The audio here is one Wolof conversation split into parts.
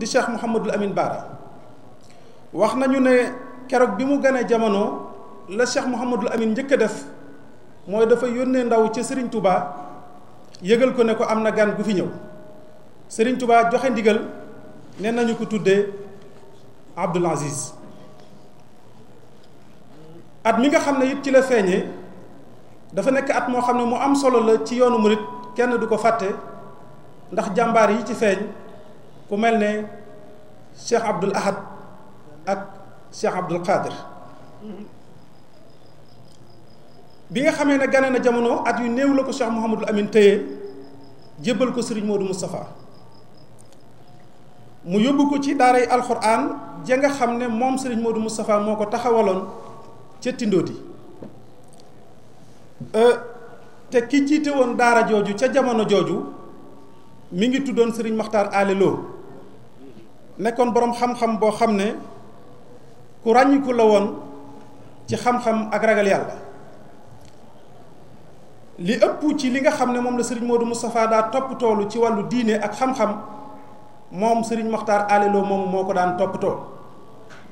di Cheikh Mouhamadul Amin Baara wax nañu ne keroog bi mu gane jamono la Cheikh Mouhamadul Amin njëkk a def mooy dafa yónnee ndaw ca sëriñ Touba yëgal ko ne ko am na gan gu fi ñëw sëriñ tubaa joxe ndigal nee nañu ko tuddee Abdoul Aziz at mi nga xam ne yit ci la feeñee dafa nekk at moo xam ne mu am solo la ci yoonu murit kenn du ko fàtte ndax jàmbaar yi ci feeñ. ku mel ne Cheikh Abdul Ahad ak Cheikh Abdul Qadir bi nga xamee ne gane na jamono at yu néew la ko Cheikh Mouhamadul Amin téye jébbal ko Serigne Modou Moustapha mu yóbbu ko ci daaray alxuraan ja nga xam ne moom Serigne Modou Moustapha moo ko taxawaloon ca Tindóoti euh, te ki jiite woon daara jooju ca jamono jooju mi ngi tuddoon Serigne Makhtar Ale Lo nekkoon boroom xam-xam boo xam ne ku ràññiku la woon ci xam-xam ak ragal yàlla li ëpp ci li nga xam ne moom la sëriñ Modou Moustapha daa toppatoo ci wàllu diine ak xam-xam moom sëriñ Maxtaar Allé Lo moom moo ko daan toppatoo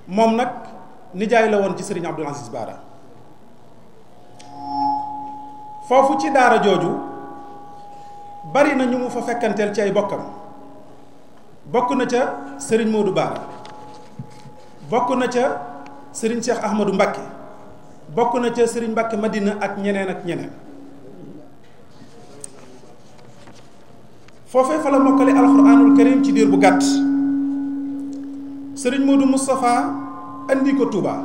moom nag nijaay la woon ci sëriñ Abdul Aziz Bara foofu ci daara jooju bari na ñu mu fa fekkanteel ci ay bokkam bokk na ca sëriñ Modou Bara bokk na ca sëriñ Cheikh Ahmadou Mbacké bokk na ca sëriñ Mbacké Madina ak ñeneen ak ñeneen foofee fa la mokkale alxuraanul karim ci diir bu gàtt sëriñ Modou Moustapha andi ko Touba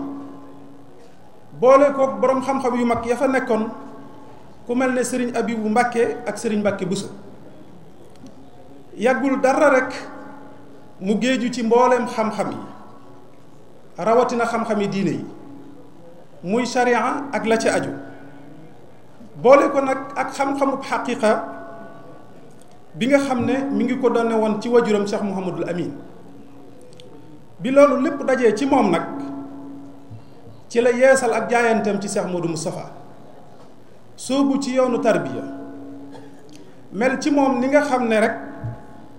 boole ko boroom xam-xam yu mag yafa nekkoon ku mel ne sëriñ Abibu Mbacké ak sëriñ Mbacké Bousso yàggul dara rekk mu géeju ci mbooleem xam-xam yi rawatina xam-xami diine yi muy sharia ak la ci aju boole ko nag ak xam-xamub xaqiqa bi nga xam ne mu ngi ko donne woon ci wajuram Cheikh Mouhamadul Amin bi loolu lépp dajee ci moom nag ci la yeesal ak jaayanteem ci Cheikh Modou Moustapha soobu ci yoonu tarbiya mel ci moom ni nga xam ne rek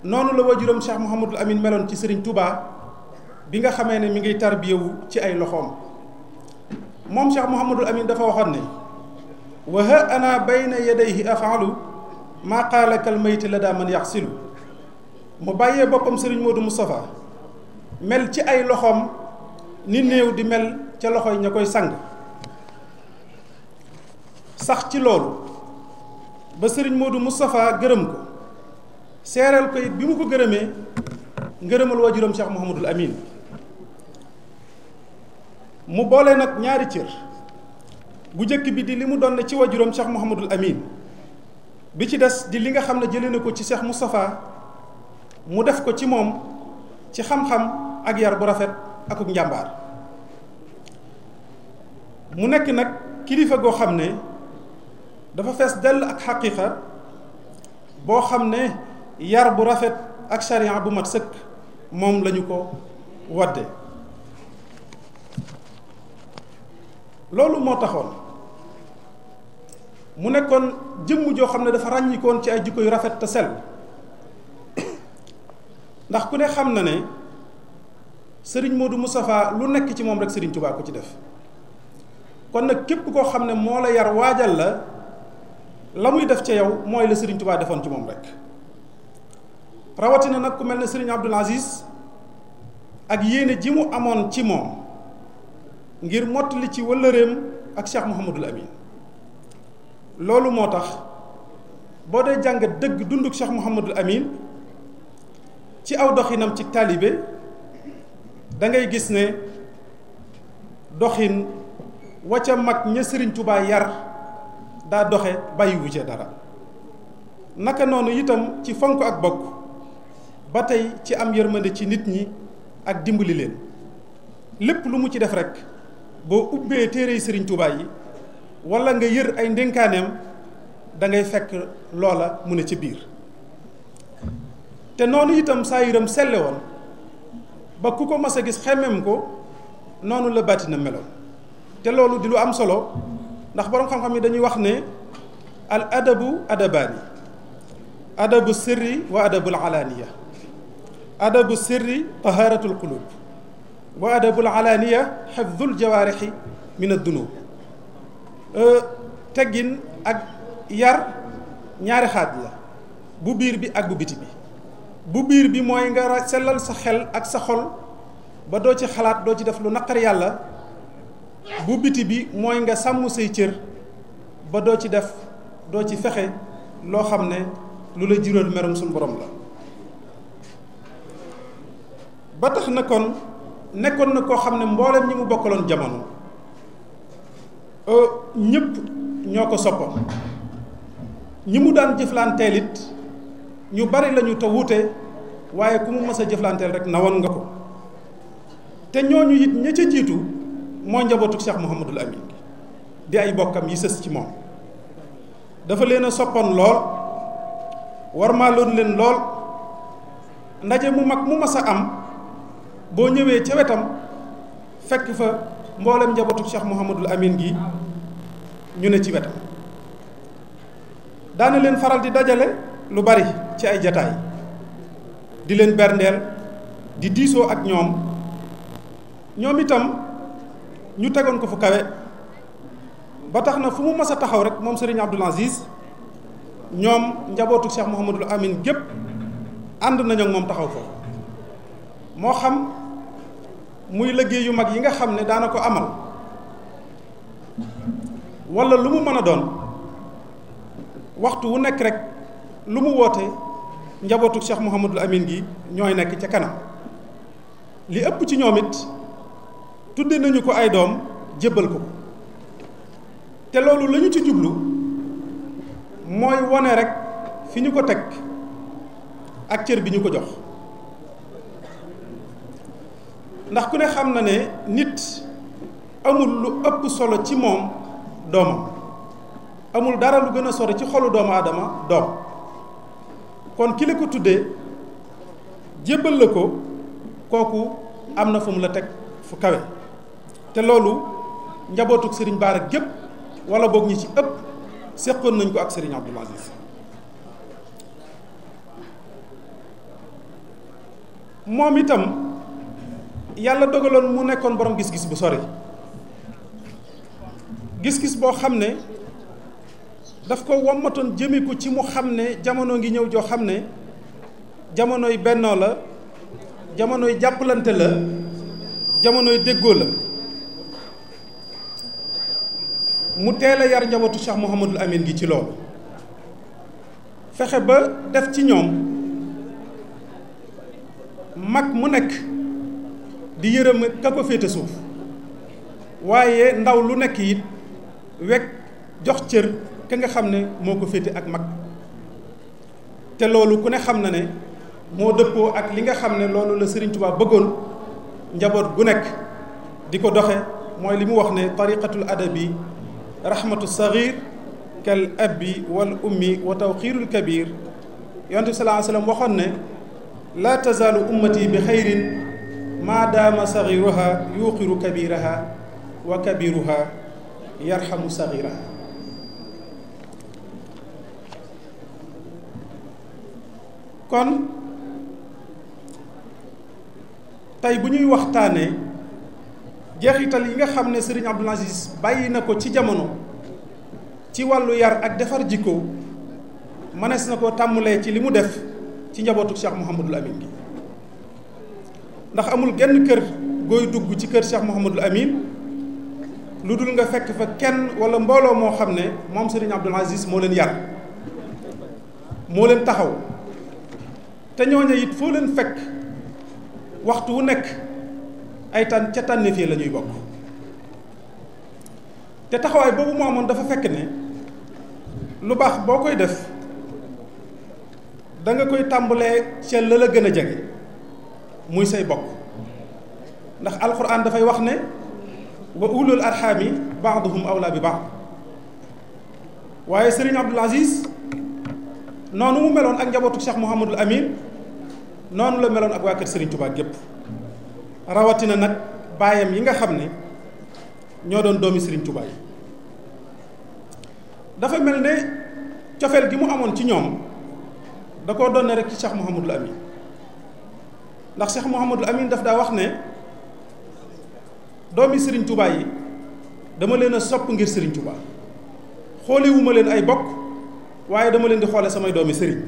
noonu la waajuram Cheikh Mouhamadul Amine meloon ci Serigne Touba bi nga xamee ne mi ngi tarbiyewu ci ay loxoom moom Cheikh Mouhamadul Amine dafa waxoon ne wa ha ana bayna yadayhi afaalu maa qaala kal mayti la daa man yaxsilu mu bàyyee boppam Serigne Modou Moustapha mel ci ay loxoom ni néew di mel ca loxoy ña koy sang sax ci loolu ba Serigne Modou Moustapha gërëm ko seeral ko bi mu ko gërëmee ngërëmal waajuram Cheikh Mouhamadul Amin mu boole nag ñaari cër bu jëkk bi di li mu doon ne ci waajuram Cheikh Mouhamadul Amin bi ci des di li nga xam ne jëlee na ko ci Cheikh Moustapha mu def ko ci moom ci xam-xam ak yar bu rafet akuk njàmbaar mu nekk nag kilifa goo xam ne dafa fees dell ak xaqiiqa boo xam ne yar bu rafet ak sariya bu mat sëkk moom lañu ko wadde loolu moo taxoon mu nekkoon jëmm joo xam ne dafa ràññikoon ci ay jukko yu rafet te sell ndax ku ne xam na ne sëriñ moo du Moustapha lu nekk ci moom rek sëriñ Tuubaa ko ci def kon nag képp koo xam ne moo la yar waajal la la muy def ca yow mooy la sëriñ Tuubaa defoon ci moom rek rawatina nag ku mel ne Serigne Abdoul Aziz ak yéene ji mu amoon ci moom ngir mottali ci wëllëreem ak Cheikh Mouhamadul Amin loolu moo tax boo dee jàng dëgg dunduk Cheikh Mouhamadul Amin ci aw doxinam ci taalibe dangay gis ne doxin wacca mag ña sëriñ Touba yar daa doxe bàyyiwu ca dara naka noonu itam ci fonk ak bokk ba tey ci am yërmande ci nit ñi ak dimbali leen lépp lu mu ci def rek boo ubbee téere yi Serigne Touba yi walla nga yër ay ndénkaaneem da ngay fekk loola mu ne ci biir te noonu itam saa yëram selle woon ba ku ko mas a gis xemmeem ko noonu la baatina meloon te loolu di lu am solo ndax boroom xam-xam yi dañuy wax ne al adabu adabaani adabu sëri wa adabul alaaniya أدب السر طهارة القلوب وأدب العلانية حفظ الجوارح من الذنوب تجن أك يار نيار خادلا ببير بي أك ببيت بي ببير بي موين غارة سلال سخل أك سخل بدوتي خلات دوتي دفلو نقر يالا ببيت بي موين غا سامو سيتير بدوتي دف دوتي فخي لو خمني لولا جيرو المرمسون برملا برملا ba tax na kon nekkoon na koo xam ne mboolem ñi mu bokkaloon jamono euh, ñépp ñoo ko soppoon ñi mu daan jëflanteel it ñu bari lañu te wuute waaye ku mu mës a jëflanteel rek nawoon nga ko te ñooñu it ña ca jiitu moo njabootu Cheikh Mouhamadul Amin di ay bokkam yi sës ci moom dafa leen soppoon lool war maa loon leen lool ndaje mu mag mu mas a am boo ñëwee ca wetam fekk fa mboolem njabootu Cheikh Mouhamadul Amin gi ñu ne ci wetam daana leen faral di dajale lu bari ci ay jataay di leen berndeel di diisoo ak ñoom ñoom itam ñu tegoon ko fu kawe ba tax na fu mu mas a taxaw rek moom Serigne Abdoul Aziz ñoom njabootu Cheikh Mouhamadul Amin gépp ànd nañu ak moom taxaw foofu muy liggéey yu mag yi nga xam ne daana ko amal wala lu mu mën a doon waxtu wu nekk rek lu mu woote njabootu Cheikh Mouhamadul Amin gi ñooy nekk ca kanam li ëpp ci ñoom it tudde nañu ko ay doom jébbal ko te loolu lañu ci jublu mooy wone rek fi ñu ko teg ak cër bi ñu ko jox ndax ku ne xam na ne nit amul lu ëpp solo ci moom doomam amul dara lu gën a sori ci xolu doomu aadama doom kon ki ko tuddee jébbal la ko kooku am na fu mu la teg fu kawe te loolu njabootuk sëriñ Baara gépp wala boog ñi ci ëpp seqoon nañ ko ak sëriñ Abdoul Aziz moom itam yàlla dogaloon mu nekkoon borom gis-gis bu sore gis-gis boo xam ne daf ko womatoon jëme ci mu xam ne jamono ngi ñëw joo xam ne jamonoy bennoo la jamonoy jàppalante la jamonoy déggoo la mu teel a yar njabootu Cheikh Mouhamadul Amin gi ci loolu fexe ba def ci ñoom mag mu nekk. di yeureum ka ko fete souf waye ndaw lu nek yit wek jox cieur ka nga xamne moko fete ak mag te loolu ku ne xamna ne mo deppo ak li nga xamne ne la serigne touba beggol njabot gu nek diko doxe moy limu wax ne tariqatul adabi rahmatus saghir kal abi wal ummi wa tawkhirul kabir yonte sallallahu alayhi wasallam waxoon ne laa tazaalu ummati bi khairin ما دام صغيرها يوقر كبيرها وكبيرها يرحم صغيرها kon tey bu ñuy waxtaanee jeexital yi nga xam ne Serigne Abdoul Aziz bàyyi na ko ci jamono ci wàllu yar ak ci def ci Cheikh ndax amul genn kër gooy dugg ci kër Cheikh Mouhamadul Amin lu dul nga fekk fa kenn wala mbooloo moo xam ne moom Serigne Abdoul Aziz moo leen yar moo leen taxaw te ñooña it foo leen fekk waxtu wu nekk ay tànn ca tànneef lañuy bokk te taxawaay boobu moo dafa fekk ne lu baax boo koy def danga koy tàmbalee ca la la gën a jege. muy say bok ndax alquran da fay wax ne wa ulul arxaami ba'dhum awla bi ba'd waye Serigne Abdoul Aziz noonu mu melone ak njabotou Cheikh mohammed al Amin noonu la melone ak wa keur Serigne Touba gep rawati na nak bayam yi nga xamne ño ñoo doon doomi Serigne Touba yi dafa mel ne cofeel gi mu amone ci ñom da ko donne rek ci Cheikh mohammed al Amin ndax Cheikh Mouhamadul Amine daf daa wax ne doomi sëriñ Touba yi dama leen a sopp ngir sëriñ Touba xoolewuma leen ay bokk waaye dama leen di xoole samay doomi sëriñ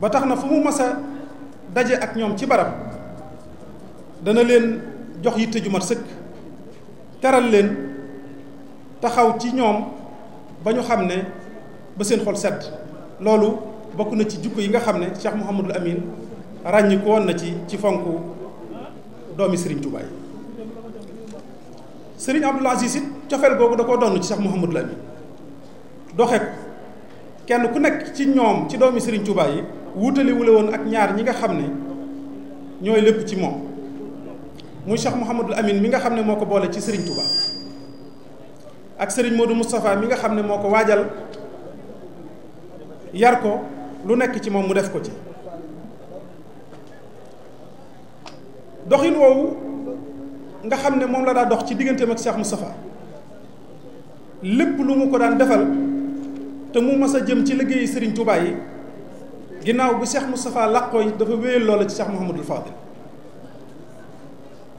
ba tax na fu mu mas daje ak ñoom ci barab dana leen jox yi ju mat sëkk teral leen taxaw ci ñoom ba ñu xam ne ba seen xol set loolu bokk na ci jukko yi nga xam ne Cheikh Mouhamadul Amine ràññi ko woon na ci ci fonk doomi Serigne Touba yi Serigne Abdoul Aziz it cofeel googu da koo donn ci sax Mouhamadou Lamine doxe ko kenn ku nekk ci ñoom ci doomi Serigne Touba yi wuutali woon ak ñaar ñi nga xam ne ñooy lépp ci moom muy Cheikh Mouhamadul Amine mi nga xam ne moo ko boole ci Serigne Touba ak Serigne Modou Moustapha mi nga xam ne moo ko waajal yar ko lu nekk ci moom mu def ko ci. doxin woowu nga xam ne moom la daa dox ci digganteem ak Cheikh Moustapha lépp lu mu ko daan defal te mu mas a jëm ci liggéeyu Serigne Touba yi ginnaaw bu Cheikh Moustapha làqoo yi dafa wéyal loola ci Cheikh Mouhamadul Fadil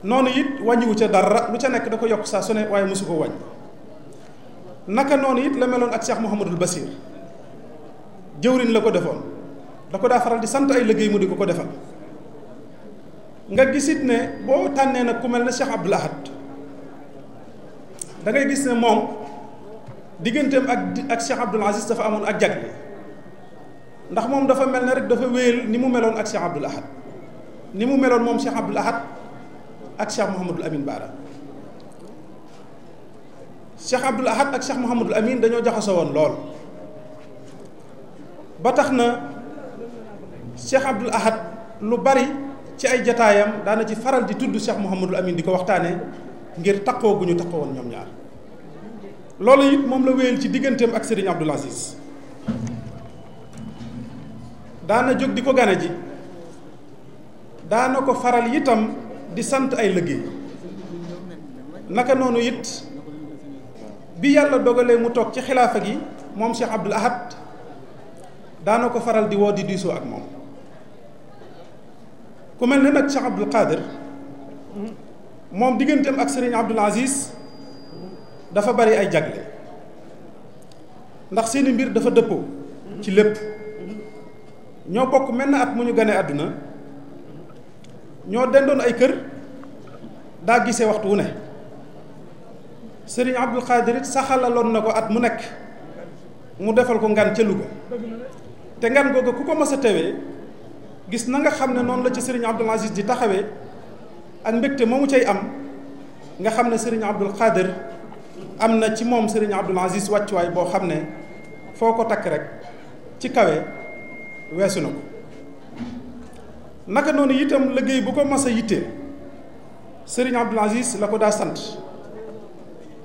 noonu it wàññiwu ca dara lu ca nekk da ko yokk saa su ne waaye mosu ko wàññi naka noonu it la meloon ak Cheikh Mouhamadul Basir jëwriñ la ko defoon da ko daa faral di sant ay liggéey mu di ko ko defal. nga gisit ne bo tanne nak ku melni Cheikh Abdoul Ahad da ngay gis ne mom digganteem ak ak Cheikh Abdoul Aziz dafa amone ak jagg ndax mom dafa melni rek dafa weyel ni mu melone ak Cheikh Abdoul Ahad ni mu melone mom Cheikh Abdoul Ahad ak Cheikh Mouhamadul Amin bara Cheikh Abdoul Ahad ak Cheikh Mouhamadul Amin dañoo jaxasoo woon lool ba taxna Cheikh Abdoul Ahad lu bari. ci ay jataayam daana ci faral di tudd cheikh amin di ko waxtaane ngir takkoo gu ñu takkoo woon ñoom ñaar loolu it moom la wéyal ci digganteem ak abdul aziz daana jóg di ko gane ji daana ko faral itam di sant ay liggéey naka noonu it bi yàlla dogalee mu toog ci xilaafa gi moom cheikh abdul ahad daana ko faral di woo di diisoo ak moom ku mel ne nag Cheikh Abdoul Qadir moom digganteem ak Serigne Abdoul Aziz dafa bari ay jagle ndax seeni mbir dafa dëppoo ci lépp ñoo bokk mel na at mu ñu gane àdduna ñoo dendoon ay kër daa gise waxtu wu ne Serigne Abdoul Qadir saxalaloon na ko at mu nekk mu defal ko ngan ca Louga te ngan googu ku ko mës a tewee gis na nga xam ne noonu la ci sëriñ Abdul Aziz di taxawee ak mbégte moomu cay am nga xam ne sëriñ Abdul Xaadir am na ci moom sëriñ Abdul Aziz wàccuwaay boo xam ne foo ko takk rek ci kawe weesu na ko naka noonu yitam liggéey bu ko mas a yittee sëriñ Abdul Aziz la ko daa sant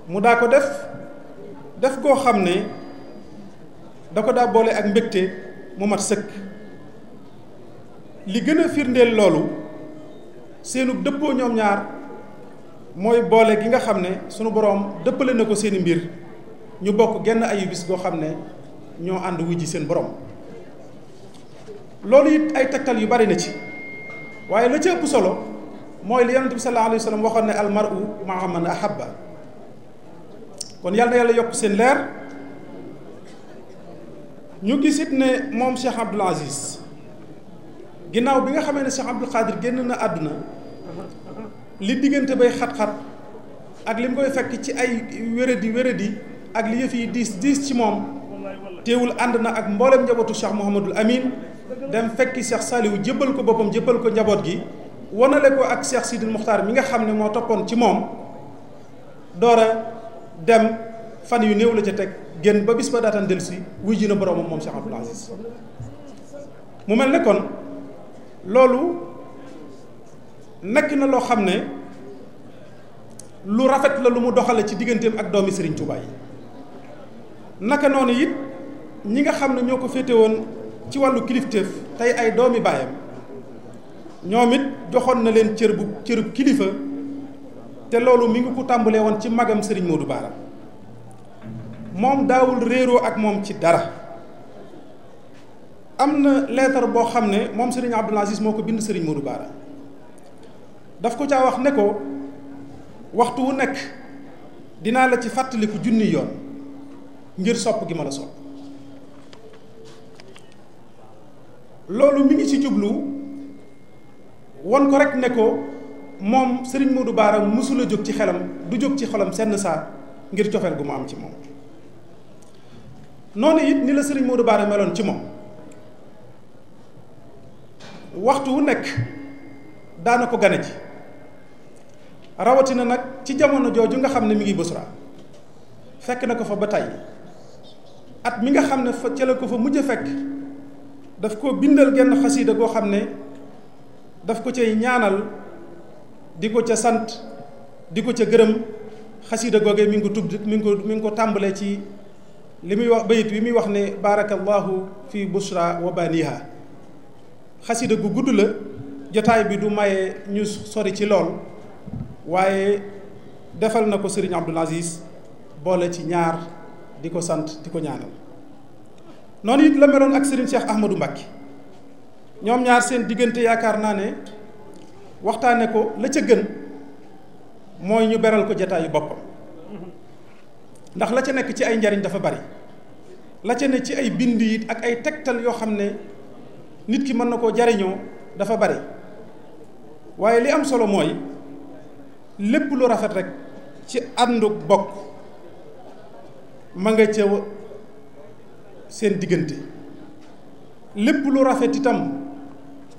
mu daa ko def def koo xam ne da ko daa boole ak mbégte mu mat sëkk li gën a firndeel loolu seenu dëppoo ñoom ñaar mooy boole gi nga xam ne sunu boroom dëppale na ko seeni mbir ñu bokk genn ayu bis goo xam ne ñoo ànd wujji seen borom loolu it ay takkal yu bari na ci waaye la ci ëpp solo mooy li yonent bi sallallahu alayhi wa sallam waxoon ne almaru maa man ahabba kon yàlla na yàlla yokk seen leer ñu gis it ne moom Cheikh Abdoul Aziz ginaaw bi nga xamee ne Cheikh Abdou Khadir génn na àdduna li diggante bay xat-xat ak lim koy fekk ci ay wéradi wéradi ak li yëf yi diis diis ci moom teewul ànd na ak mboolem njabootu Cheikh Mouhamadul Amin dem fekki Cheikh saliw jëbbal ko boppam jëbbal ko njaboot gi wanale ko ak Cheikh Sidil Muxtaar mi nga xam ne moo toppoon ci moom door dem fan yu néew la ca teg génn ba bis ba daataan dellusi wuy ji na boroomam moom Cheikh Abdoul Aziz mu mel ne kon loolu nekk na loo xam ne lu rafet la lu mu doxale ci digganteem ak doomi Serigne Touba yi naka noonu it ñi nga xam ne ñoo ko féete woon ci wàllu kilifteef tey ay doomi baayam ñoom it joxoon na leen cër bu cërub kilifa te loolu mi ngi ko tàmbalee woon ci magam Serigne Modou Bara moom daawul réeroo ak moom ci dara. am na leetar boo xam ne moom Serigne Abdoul Aziz moo ko bind Serigne Modou Bara daf ko caa wax ne ko waxtu wu nekk dinaa la ci fàttaliku junni yoon ngir sopp gi ma la sopp loolu mu ngi ci jublu won ko rek ne ko moom Serigne Modou Bara mësula jóg ci xelam du jóg ci xelam senn saa ngir cofeel gu mu am ci moom noonu it ni la Serigne du Bara meloon ci moom. waxtu wu nekk daana ko gane ji rawatina nag ci jamono jooju nga xam ne mi ngi Busra fekk na ko fa ba tey at mi nga xam ne fa ca ko fa mujj fekk daf ko bindal genn xasiida goo xam ne daf ko cay ñaanal di ko ca sant di ko ca gërëm xasiida googee mi ngi ko tudd mi ngi ko mi tàmbalee ci li muy wax bayit bi muy wax ne barakallahu fi busra wa baniha xasida gu gudd la jataay bi du maye ñu sori ci lool waaye defal na ko sëriñ Abdul Aziz boole ci ñaar di ko sant di ko ñaanal noonu it la meloon ak sëriñ Cheikh Ahmadou Mbacké ñoom ñaar seen diggante yaakaar naa ne waxtaane ko la ca gën mooy ñu beral ko jataayu boppam ndax la ca nekk ci ay njariñ dafa bari la ca ne ci ay bind it ak ay tegtal yoo xam ne nit ki mën na koo jariñoo dafa bari waaye li am solo mooy lépp lu rafet rek ci ànduk bokk ma nga ca seen diggante lépp lu rafet itam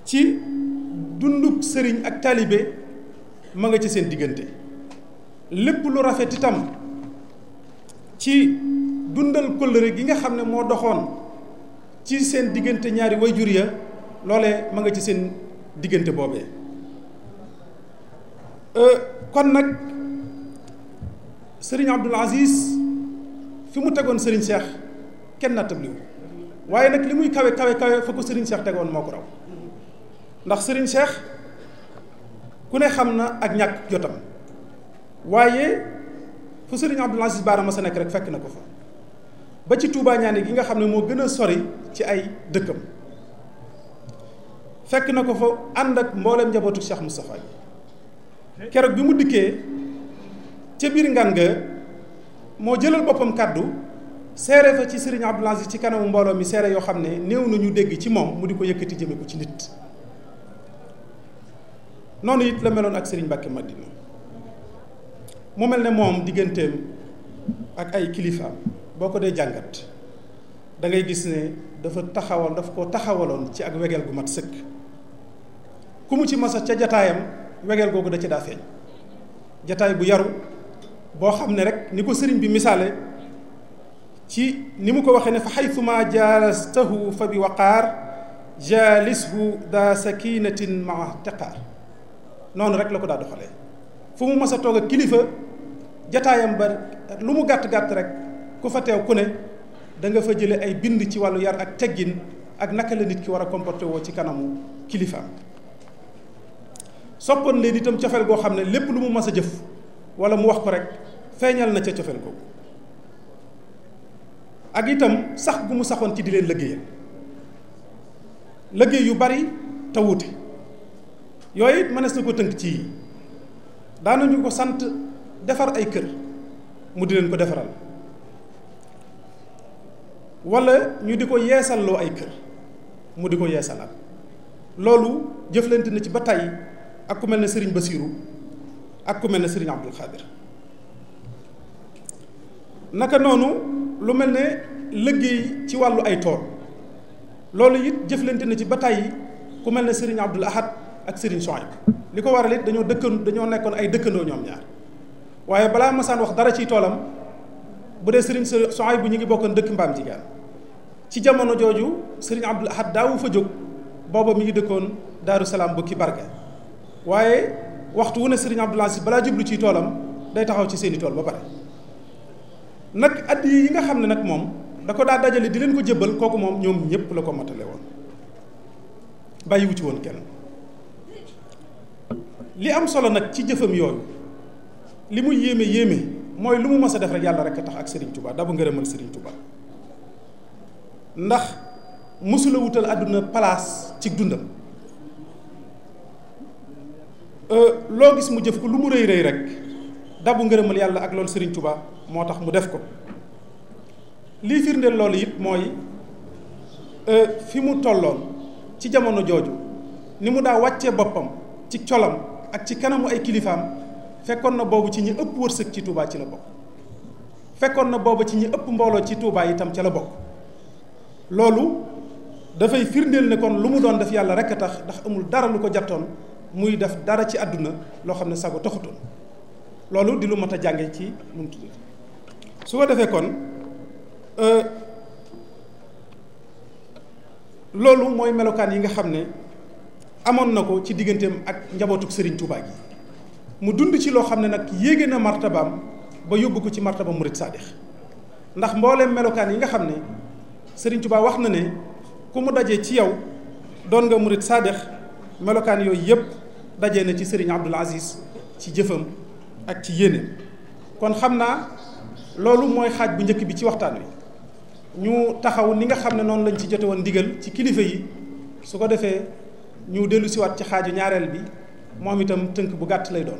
ci dunduk sëriñ ak taalibe ma nga ca seen diggante lépp lu rafet itam ci dundal kóllëre gi nga xam ne moo doxoon ci seen diggante ñaari jur ya loole ma nga ci seen diggante boobee euh, kon nag sëriñ Abdul Aziz fi mu tegoon sëriñ Cheikh kenn nattabliwu waaye nag li muy kawe kawe kawe fa ko sëriñ Cheikh tegoon moo ko raw ndax sëriñ Cheikh ku ne xam na ak ñàkk jotam waaye fu sëriñ Abdul Aziz baara ma sa rek fekk na ko fa ba ci Touba ñaani gi nga xam ne moo gën a sori ci ay dëkkam fekk na ko fa ànd ak mboolem njabootu Cheikh Moustapha yi keroog bi mu dikkee ca biir ngan ga moo jëlal boppam kàddu seere fa ci Serigne Abdoul Aziz ci kanamu mbooloo mi seere yoo xam ne néew nañu ñu dégg ci moom mu di ko yëkkati jëme ci nit noonu it la meloon ak Serigne Mbacke Madina mu mel ne moom digganteem ak ay kilifaam boo ko dee jàngat dangay gis ne dafa taxawal daf ko taxawaloon ci ak wegeel gu mat sëkk ku mu ci masa ca jataayam wegeel googu da ci daa feeñ jataay bu yaru boo xam ne rek ni ko sëriñ bi misaale ci ni mu ko waxee ne fa xaytuma jaalastahu fa bi waqaar jaalishu daa sakinatin maa teqaar noonu rek la ko daa doxalee fu mu mas a toog kilifa jataayam ba lu mu gàtt-gàtt rek ku fa teew ku ne da nga fa jële ay bind ci wàllu yar ak teggin ak naka la nit ki war a comporté woo ci kanamu kilifaam soppoon leen itam cofeel goo xam ne lépp lu mu mas a jëf wala mu wax ko rek feeñal na ca cofeel ko ak itam sax gu mu saxoon ci di leen liggéeyal liggéey yu bari te wuute yooyu it mënees na ko tënk ci daanañu ko sant defar ay kër mu di leen ko defaral wala ñu di ko yeesalloo ay kër mu di ko yeesalaat loolu jëflante na ci ba tey ak ku mel ne Serigne Bassirou ak ku mel ne Serigne Abdoul lu mel ne liggéey ci wàllu ay tool loolu it jëflante na ci ba tey ku mel ne Serigne Abdoul Ahad ak Serigne Souaib li ko waral it dañoo dëkkan dañoo nekkoon ay dëkkandoo ñoom ñaar waaye balaa masaan wax dara ciy toolam bu dee Serigne Souaib bu ñu ngi bokkoon dëkk mbaam jigéen ci jamono jooju sëriñ Abdul Ahad daawu fa jóg booba mi ngi dëkkoon Daaru Salaam bukki barke waaye waxtu wu ne sëriñ Abdul Aziz balaa jublu ci toolam day taxaw ci seeni tool ba pare nag at yi nga xam ne nag moom da ko daa dajale di leen ko jëbbal kooku moom ñoom ñépp la ko matale woon bàyyiwu ci woon kenn li am solo nag ci jëfam yooyu li mu yéeme yéeme mooy lu mu mës a def rek yàlla rek a tax ak Serigne Touba dabu ngërëmal Serigne Touba. ndax mësula wutal àdduna place ci dundam euh, loo gis mu jëf ko lu mu rëy rëy rek dabu ngërëmal yàlla ak loolu Serigne tubaa moo tax mu def ko lii firndeel loolu it mooy euh, fi mu tolloon ci jamono jooju ni mu daa wàccee boppam ci colam ak ci kanamu ay kilifaam fekkoon na boobu ci ñi ëpp wërsëg ci Touba ci la bokk fekkoon na boobu ci ñi ëpp mbooloo ci Touba itam ca la bokk loolu dafay firndeel ne kon lu mu doon def yàlla rek a tax ndax amul dara lu ko jàptoon muy def dara ci àdduna loo xam ne sago taxutoon loolu di lu mat a jànge ci lu mu su ko defee kon euh, loolu mooy melokaan yi nga xam ne amoon na ko ci digganteem ak njabootu Serigne Touba gi mu dund ci loo xam ne nag yéege na martabaam ba yóbbu ko ci martabaam murid saadix ndax mbooleem melokaan yi nga xam ne Sëriñ Tuubaa wax na ne ku mu dajee ci yow doon nga murit saadex melokaan yooyu yëpp daje na ci Sëriñ Abdul Aziz ci jëfam ak ci yéene kon xam naa loolu mooy xaaj bu njëkk bi ci waxtaan wi ñu taxaw ni nga xam ne noonu lañ ci jote woon ndigal ci kilifa yi su ko defee ñu dellu siwaat ci xaaju ñaareel bi moom itam tënk bu gàtt lay doon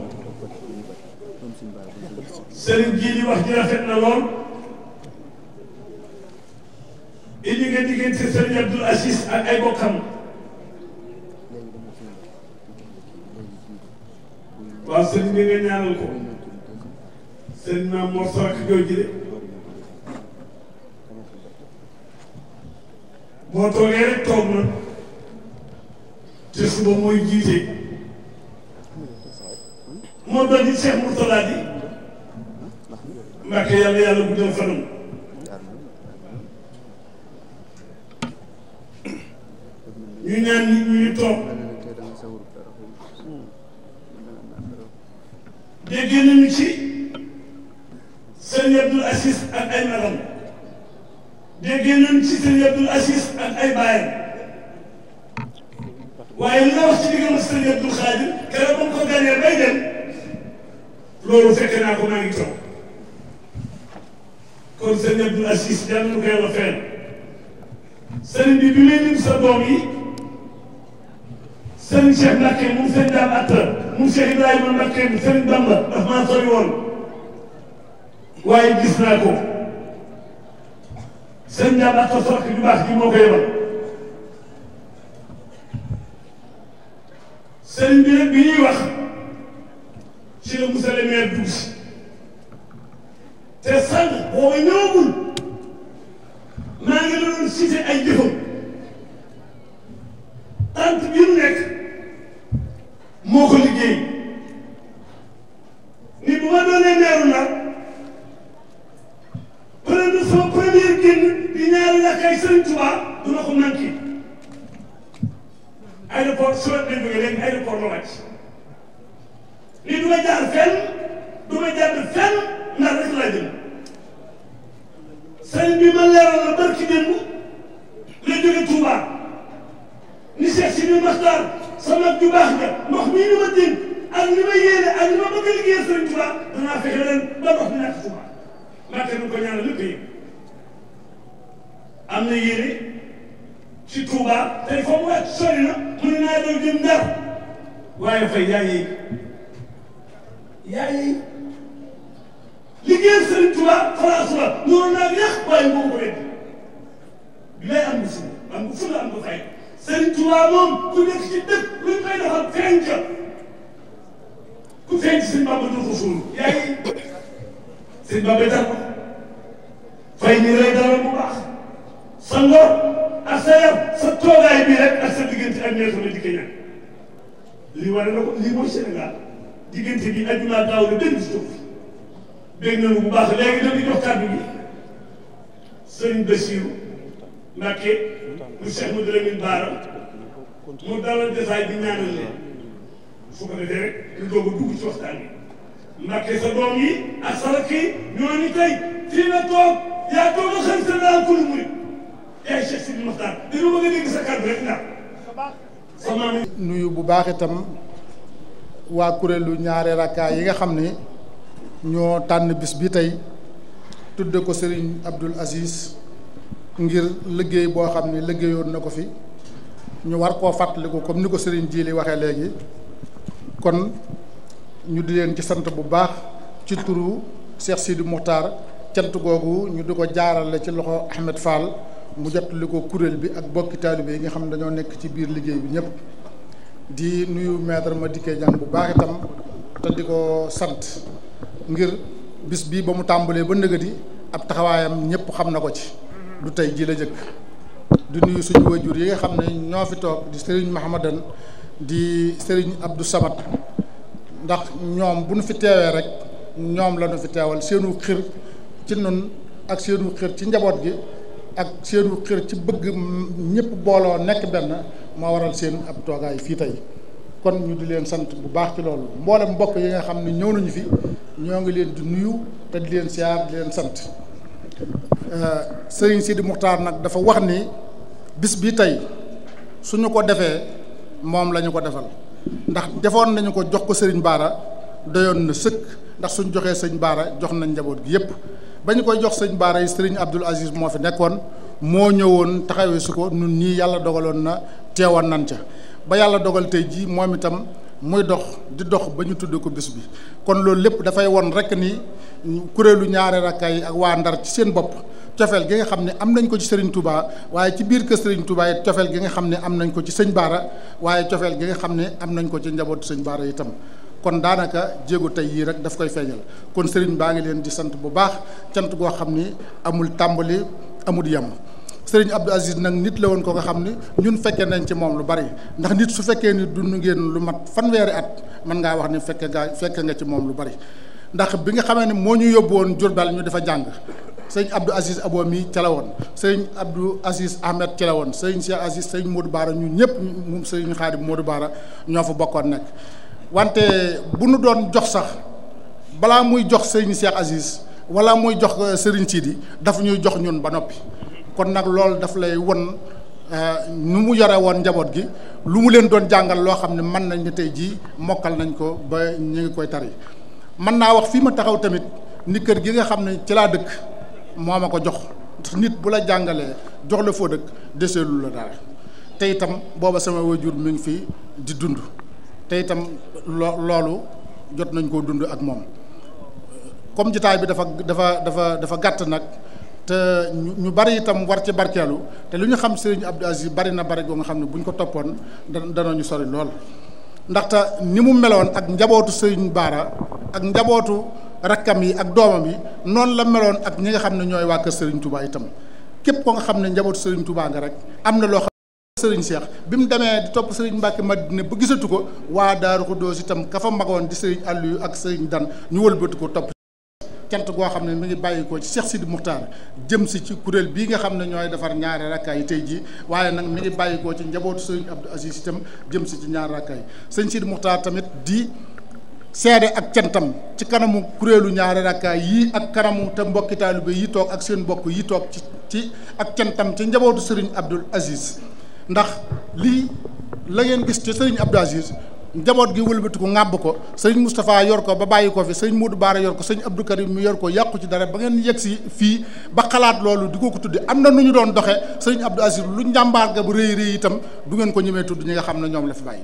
sëriñ jii di wax ji na lool indi nga diggante sëriñ Abdoul Aziz ak ay bokkam waaw sëriñ bi nga ñaanal ko sëriñ maam Mor Sarak joo ji de boo toogee rek toog na te suba mooy jiite moo doon di Cheikh Mourtala di Mbàkke yàlla yàlla guddal fanam ñu ñaan nit ñi toog dégg nañu ci sëñ Abdul Asis ak ay maram dégg nañu ci sëñ Abdul Asis ak ay baayam waaye li nga wax ci diggante sëñ Abdul Xaadir keroog ba mu ko ganee bay dem loolu fekk naa ko maa ngi toog kon sëñ Abdou Aziz yàlla na koy wax fenn sëriñ bi bi muy lim sa doom yi sëriñ Cheikh Mbacke mu ngi sëñ Dame Atta mu ngi Cheikh Ibrahima Mbacke mu sëriñ woon waaye gis naa ko sëñ Dame Atta soxna ju baax ji moo koy wax sëriñ bi nag bi wax ci la Moussa dugg te sànq booba ñëwagul maa ngi doon cité ay jëfam tant bi nekk moo ko liggéey ni bu ma doonee meeru nag premier sama premier génn di ñaari lakkay Sëriñ Tuubaa du ma ko manqué aéroport su la déglu léegi aéroport ma wàcc ni du ma jaar fenn du ma jàdd fenn. ndax rek laa jëm sëñ bi ma leeral la barki démb la jóge Touba ni Cheikh si bi Maxtaar sama ju baax nga ndox mii ni ma dénk ak ni ma yéene ak ni ma bëgg a liggéeyal sëñ Touba danaa fexe leen ba ndox mi nekk Touba Mbàkke nu ko ñaanal lépp yëpp am na yéene ci Touba tey foo mu wàcc sori na mu ne naa doon jëm Ndar waaye fay yaa yéeg liggéeyal Serigne Touba France la noonu naa yàq waaye moo ko wéddi bi lay am si am nga fulla am nga fay Serigne moom ku nekk ci dëkk luñ koy defal feeñ ca ku feeñ Serigne Bamba doo ko suul yaa ngi Serigne Bamba jar ko fay ni lay dalal bu baax sa ngor ak sa yar sa toogaay bi rek ak sa diggante ak ñeent sama dikkee ñàkk lii wane na ko lii mooy Sénégal diggante bi àdduna daaw la benn suuf dégg nañu bu baax léegi dañuy jox kàddu gi sëñ Bassirou Mbacké mu Cheikh Modou Lamine Bara mu dalal desaay bi ñaanal leen su ko defee rek ñu doog a dugg ci waxtaan bi Mbacké sa doom yi ak sa rakk yi ñoo ni tey fii na toog yaa toog a xëy sa daal ko lu muy yaay Cheikh Sidi Mokhtar dañu bëgg a dégg sa kàddu rek ndax sama nuyu bu baax itam waa kuréelu ñaari rakkaay yi nga xam ni ñoo tànn bis bi tey tudde ko Serigne Abdoul Aziz ngir liggéey boo xam ne liggéeyoon na ko fi ñu war koo fàttaliku comme ni ko jii Jili waxee léegi kon ñu di leen ci sant bu baax ci turu Cheikh Sidi Moukhtar cant googu ñu di ko jaarale ci loxo Ahmed Fall mu jottali ko kuréel bi ak bokki taalibe yi nga xam ne dañoo nekk ci biir liggéey bi ñëpp di nuyu ma Madické Niang bu baax itam te di ko sant ngir bis bi ba mu tàmbalee ba nëgëdi ab taxawaayam ñëpp xam na ko ci du tey ji la jëkk di nuyu suñu wajur yi nga xam ñoo fi di sëriñ Mahamadan di sëriñ Abdou Samad ndax ñoom bu nu fi teewee rek ñoom la nu fi teewal seenu xir ci nun ak seenu xir ci njaboot gi ak seenu xir ci bëgg ñëpp booloo nekk benn moo waral seen ab toogaay fii tey kon ñu di leen sant bu baax ci loolu mboolem mbokk yi nga xam ne nañu fi ñoo ngi leen di nuyu te di leen siyaar di leen sant sëriñ Sidi Muxtaar nag dafa wax ni bis bi tey suñu ko defee moom lañu ko defal ndax defoon nañu ko jox ko sëriñ Baara doyoon na sëkk ndax suñ joxee sëñ Baara jox nañ njaboot gi yépp ba ñu koy jox sëñ Baara yi sëriñ Abdul Aziz moo fi nekkoon moo ñëwoon taxawee su ko nun ñii yàlla dogaloon na teewoon nan ca ba yàlla dogal tey jii moom itam muy dox di dox ba ñu tudd ko bis bi kon loolu lépp dafay won rek ni kuréelu ñaari rakka yi ak waa ndar ci seen bopp cofeel gi nga xam ne am nañ ko ci Serigne Touba waaye ci biir kër Serigne Touba it cofeel gi nga xam ne am nañ ko ci sëñ Baara waaye cofeel gi nga xam ne am nañ ko ci njabootu sëñ Baara itam kon daanaka jéego tey yii rek daf koy feeñal kon Serigne baa ngi leen di sant bu baax cant goo xam ni amul tàmbali amul yem. sëriñ Abdou Aziz nag nit la woon ko nga xam ne ñun fekkee nañ ci moom lu bari ndax nit su fekkee ni dund ngeen lu mat fanweeri at man ngaa wax ni fekke gaa fekke nga ci moom lu bari ndax bi nga xamee ne moo ñu yóbbu woon Jurbel ñu dafa jàng sëñ Abdou Aziz Abo mi ca la woon sëñ Abdou Aziz Ahmed ca la woon sëñ Cheikh sëñ Modou Baara ñun ñëpp moom sëñ Xaadim Modou Baara ñoo fa bokkoon nekk wante bu nu doon jox sax balaa muy jox sëñ Cheikh Aziz wala muy jox euh, sëriñ Sidi dafa ñuy jox ñun ba noppi kon nag loolu daf lay won euh, nu mu yore woon njaboot gi lu mu leen doon jàngal loo xam ne mën nañ ne tey jii mokkal nañ ko ba ñu ngi koy tari mën naa wax fii ma taxaw tamit ni kër gi nga xam ne ci laa dëkk moom ma ko jox nit bu la jàngalee jox la foo dëkk deseelu la dara te itam booba sama wajur mi ngi fi di dund te itam loo loolu jot nañ koo dund ak moom comme jotaay bi dafa dafa dafa dafa gàtt nag. te ñu bari itam war ci barkeelu te lu ñu xam Serigne Abdou Aziz bari na bari goo nga xam ne buñ ñu ko toppoon dana ñu sori lool ndaxte ni mu meloon ak njabootu Serigne Baara ak njabootu rakkam yi ak doomam yi noonu la meloon ak ñi nga xam ne ñooy waa sëriñ Serigne Touba tam képp ko nga xam ne njabootu Serigne Touba nga rek am na loo xam Serigne Cheikh bi mu demee di topp Serigne Mbacke Madina ba gisatu ko waa Daaru Xuddoos itam ka fa magoon di Serigne Aliou ak Serigne Dan ñu wëlbatu ko topp. cant goo xam ne mi ngi bàyyi ko ci Cheikh Sidi Moukhtar jëm si ci kuréel bii nga xam ne ñooy defar ñaari rakkaay yi tey jii waaye nag mi ngi bàyyi ko ci njabootu sëñ Abdou Aziz itam jëm si ci ñaari rakkaay yi sëñ Sidi Moukhtar tamit di seede ak cantam ci kanamu kuréelu ñaari rakkaay yii ak kanamu te mbokki taalibe yi toog ak seen mbokk yi toog ci ci ak cantam ci njabootu sëriñ Abdou Aziz ndax lii la ngeen gis ci sëriñ Abdou Aziz njaboot gi wëlbatiku ŋàbb ko sëñ Moustapha yor ko ba bàyyi ko fi sëñ Modou Baara yor ko sëñ Abdou Karim yor ko yàqu ci dara ba ngeen yegg si fii ba xalaat loolu di ko ko tudde am na nu ñu doon doxe sëñ Abdou Aziz lu njàmbaar ga bu rëy rëy itam du ngeen ko ñemee tudd ñi nga xam na ñoom la fi bàyyi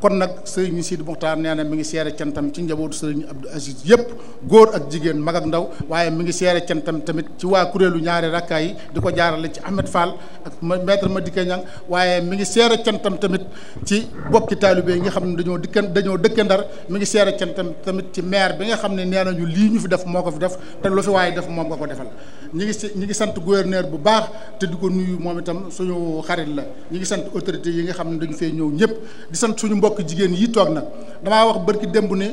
kon nag sëriñ Sidi Muxtaar nee na mi ngi seere cantam ci njabootu sëriñ Abdou Aziz yëpp góor ak jigéen mag ak ndaw waaye mi ngi seere cantam tamit ci waa kuréelu ñaari rakkaay yi di ko jaarale ci Ahmed Fall ak maître Madické Niang waaye mi ngi seere cantam tamit ci bokki taalibe yi nga xam ne dañoo dëkkan dañoo dëkk Ndar mi ngi seere cantam tamit ci maire bi nga xam ne nee nañu lii ñu fi def moo ko fi def te lu fi waaye def moom nga ko defal ñi ngi ñi ngi sant gouverneur bu baax te di ko nuyu moom itam suñu xarit la ñu ngi sant autorité yi nga xam ne dañu fee ñëw ñëpp di bokk jigéen yi toog nag damaa wax bërki démb ne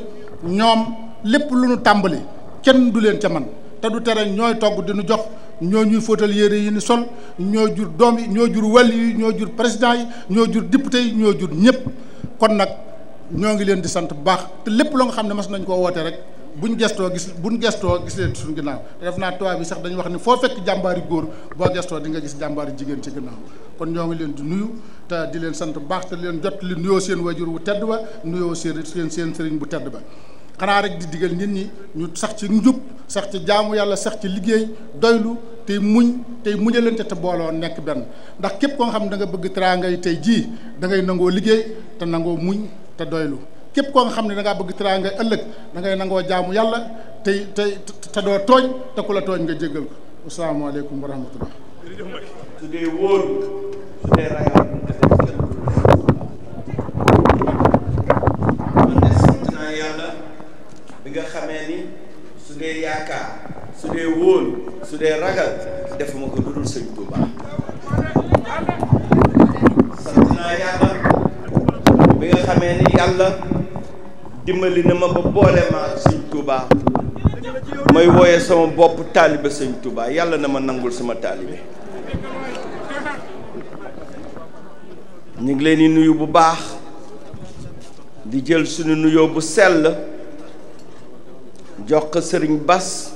ñoom lépp lu nu tàmbali kenn du leen ca man te du tere ñooy togg di nu jox ñoo ñuy fóotal yére yi ni sol ñoo jur doom yi ñoo jur wàll yi ñoo jur président yi ñoo jur député yi ñoo jur ñëpp kon nag ñoo ngi leen di sant bu baax te lépp loo nga xam ne mas nañ koo wootee rek buñ gestoo gis buñ gestoo gis leen suñu ginnaaw te def naa tubaab bi sax dañu wax ni foo fekk jàmbaari góor boo gestoo di nga gis jàmbaari jigéen ci ginnaaw kon ñoo ngi leen di nuyu te di leen sant bu baax te leen jot li nuyoo seen wajur wu tedd ba nuyoo seen seen sëriñ bu tedd ba xanaa rek di digal nit ñi ñu sax ci njub sax ci jaamu yàlla sax ci liggéey doylu tey muñ tey muñalante te booloo nekk benn ndax képp koo xam ne da nga bëgg teraanga yi tey jii da ngay nangoo liggéey te nangoo muñ te doylu képp koo nga xam ne da ngaa bëgg teraanga ëllëg da ngay nangoo jaamu yàlla tey tey te doo tooñ te ku la tooñ nga jéggal ko asalaamaaleykum wa rahmatullah su dee wóoru su dee ragal bu defee kenn du man de sant naa yàlla bi nga xamee ni su dee yaakaar su dee wóoru su dee ragal defuma ko lu dul sëñ Tuuba bi nga xamee ni yàlla dimbali na ma ba boole ma ak sëñ may wooye sama bopp taalibe sëñ Tuuba yàlla na ma nangul sama taalibe ñu ngi leen di nuyu bu baax di jël suñu nuyoo bu sell jox ko sëriñ Bas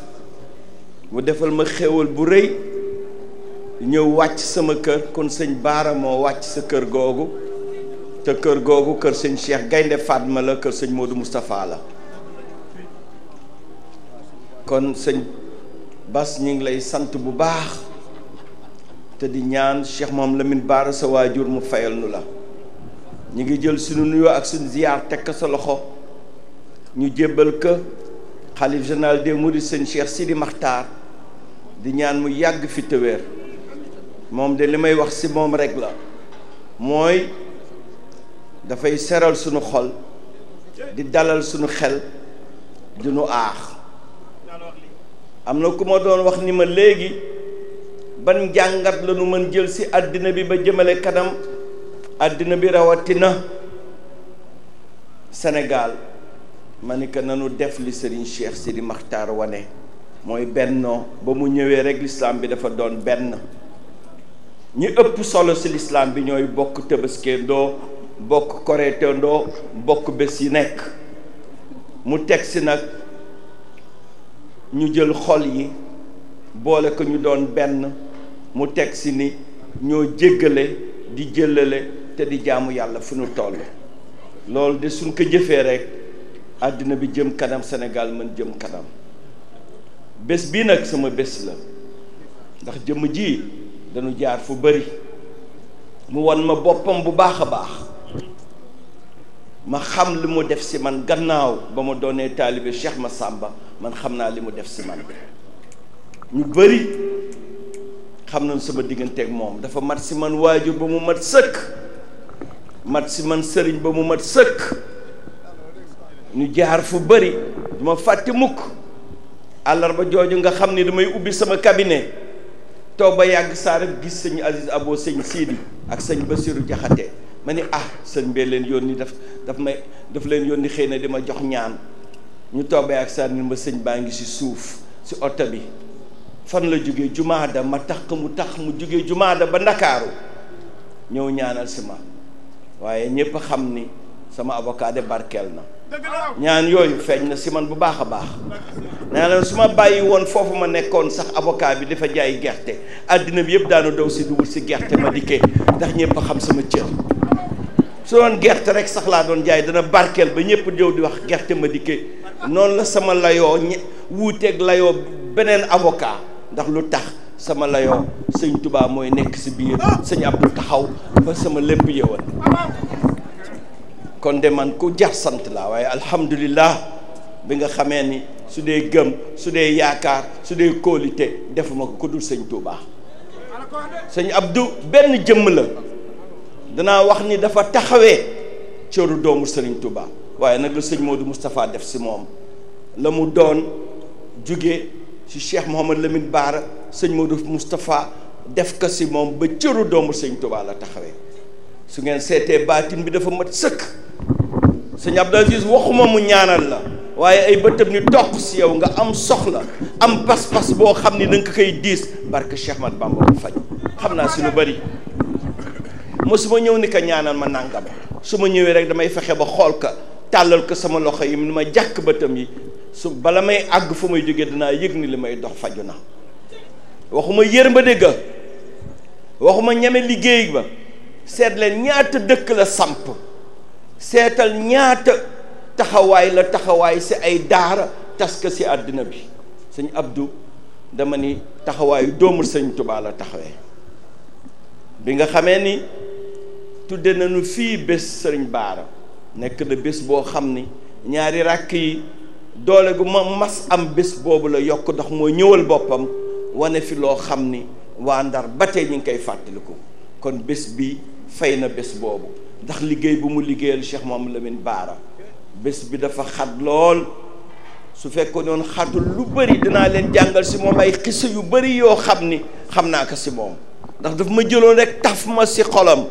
bu defal ma xéewal bu rëy ñëw wàcc sama kër kon sëñ Baara moo wàcc sa kër googu te kër googu kër sëñ Cheikh Gaynde faat ma la kër sëñ Modou Moustapha la kon sëñ Bas ñu ngi lay sant bu baax. te di ñaan Cheikh moom Lamine Bara sa waajur mu fayal nu la ñu ngi jël suñu nuyoo ak suñu ziyaar teg ko sa loxo ñu jébbal ko xalif général des mourides sëñ Cheikh Sidi Maxtaar di ñaan mu yàgg fi te moom de li may wax si moom rek la mooy dafay seral sunu xol di dalal suñu xel du nu aax am na ku ma doon wax ni ma léegi ban jàngat lanu mën jël ci àddina bi ba jëmale kanam àddina bi rawatina Sénégal ma ni que nanu def li Serigne si Sidi Makhtar wane mooy bennoo ba mu ñëwee rek lislaam bi dafa doon benn ñi ëpp solo si lislaam bi ñooy bokk tëbaskeendoo bokk koreetendoo bokk bés yi nekk mu teg si nag ñu jël xol yi boole ko ñu doon benn mu teg si ni ñoo jéggale di jëlale te di jaamu yàlla fu nu toll loolu de suñ ko jëfee rekk àddina bi jëm kanam senegal man jëm kanam bés bi nag sama bés la ndax jëmm ji dañu jaar fu bari mu wan ma boppam bu baax a baax ma xam li mu def si man gannaaw ba ma doonee taalibe ma Massamba man xam naa li mu def si man ñu bari xam nañ sama digganteeg moom dafa mat si man waajur ba mu mat sëkk mat si man sëriñ ba mu mat sëkk ñu jaar fu bari duma fàtte mukk àllarba jooju nga xam ni damay ubbi sama kabine toog ba yàgg saa rek gis sëñ Aziz Abo sëñ Sidi ak sëñ Basiru Jaxate ma ni ah sëñ bee leen yónni daf daf may daf leen yónni xëy na di ma jox ñaan ñu toog ba yàgg saa ni ma sëñ baa ngi si suuf si oto bi fan la jóge jumaada ma tax mu tax mu jóge jumaada ba ndakaaru ñëw ñaanal si ni sama avocat de barkeel na ñaan yooyu feeñ na si man bu baax baax na su ma bàyyi woon foofu ma nekkoon sax avocat bi dafa jaay gerte adina bi yëpp daanu daw si dugub si gerte ma dikkee ndax ñépp xam sama su gerte rek sax laa doon jaay dana barkeel ba ñépp ñëw di wax gerte ma dikkee noonu la sama layoo ñe wuuteeg layoo beneen avocat ndax lu tax sama layoo sëñ Touba mooy nekk ci biir sëñ Abdou taxaw ba sama lépp yëwan kon de man ku jar sant laa waaye alhamdulilah bi nga xamee ni su dee gëm su dee yaakaar su dee kóolite defuma ko ku dul sëñ Touba sëñ Abdou benn jëmm la danaa wax ni dafa taxawee cëru doomu sëriñ tubaa waaye nag lu sëñ Modou Moustapha def si moom la mu doon jóge si Cheikh Mouhamad Lamine Baara sëñ Modou Moustapha def ko si moom ba jëru doomu sëñ Touba la taxawee su ngeen seetee baatin bi dafa mat sëkk sëñ Abdou Aziz waxuma mu ñaanal la waaye ay bëtëb ni toq si yow nga am soxla am pas-pas boo xam ni danga koy diis barke Cheikh man Bamba bu faj xam naa si lu bari mosuma ñëw ni ko ñaanal ma nangam su ma ñëwee rek damay fexe ba xool ko tàllal ko sama loxo yi ma jàkk bëtam yi su bala may àgg fu may jógee dinaa yëg ni li may dox faju na waxuma yërmande ga waxuma ñeme liggéey ba seet leen ñaata dëkk la samp seetal ñaata taxawaay la taxawaay si ay daara tas ka si àddina bi sëñ Abdou dama ni taxawaayu doomu sëñ tubaala la taxawee bi nga xamee ni tudde nañu fii bés sëriñ Baara nekk na bés boo xam ni ñaari ràkk yi doole gu ma mas am bés boobu la yokk ndax moo ñëwal boppam wane fi loo xam ni waa Ndar ba tey ñu ngi koy fàttaliku kon bés bi fay na bés boobu ndax liggéey bu mu liggéeyal Cheikh Mouhamadou Lamine Bara bés bi dafa xat lool su fekkoon noonu xatul lu bëri dinaa leen jàngal si moom ay xisa yu bëri yoo xam ni xam naa ko si moom ndax daf ma jëloon rek taf ma si xolam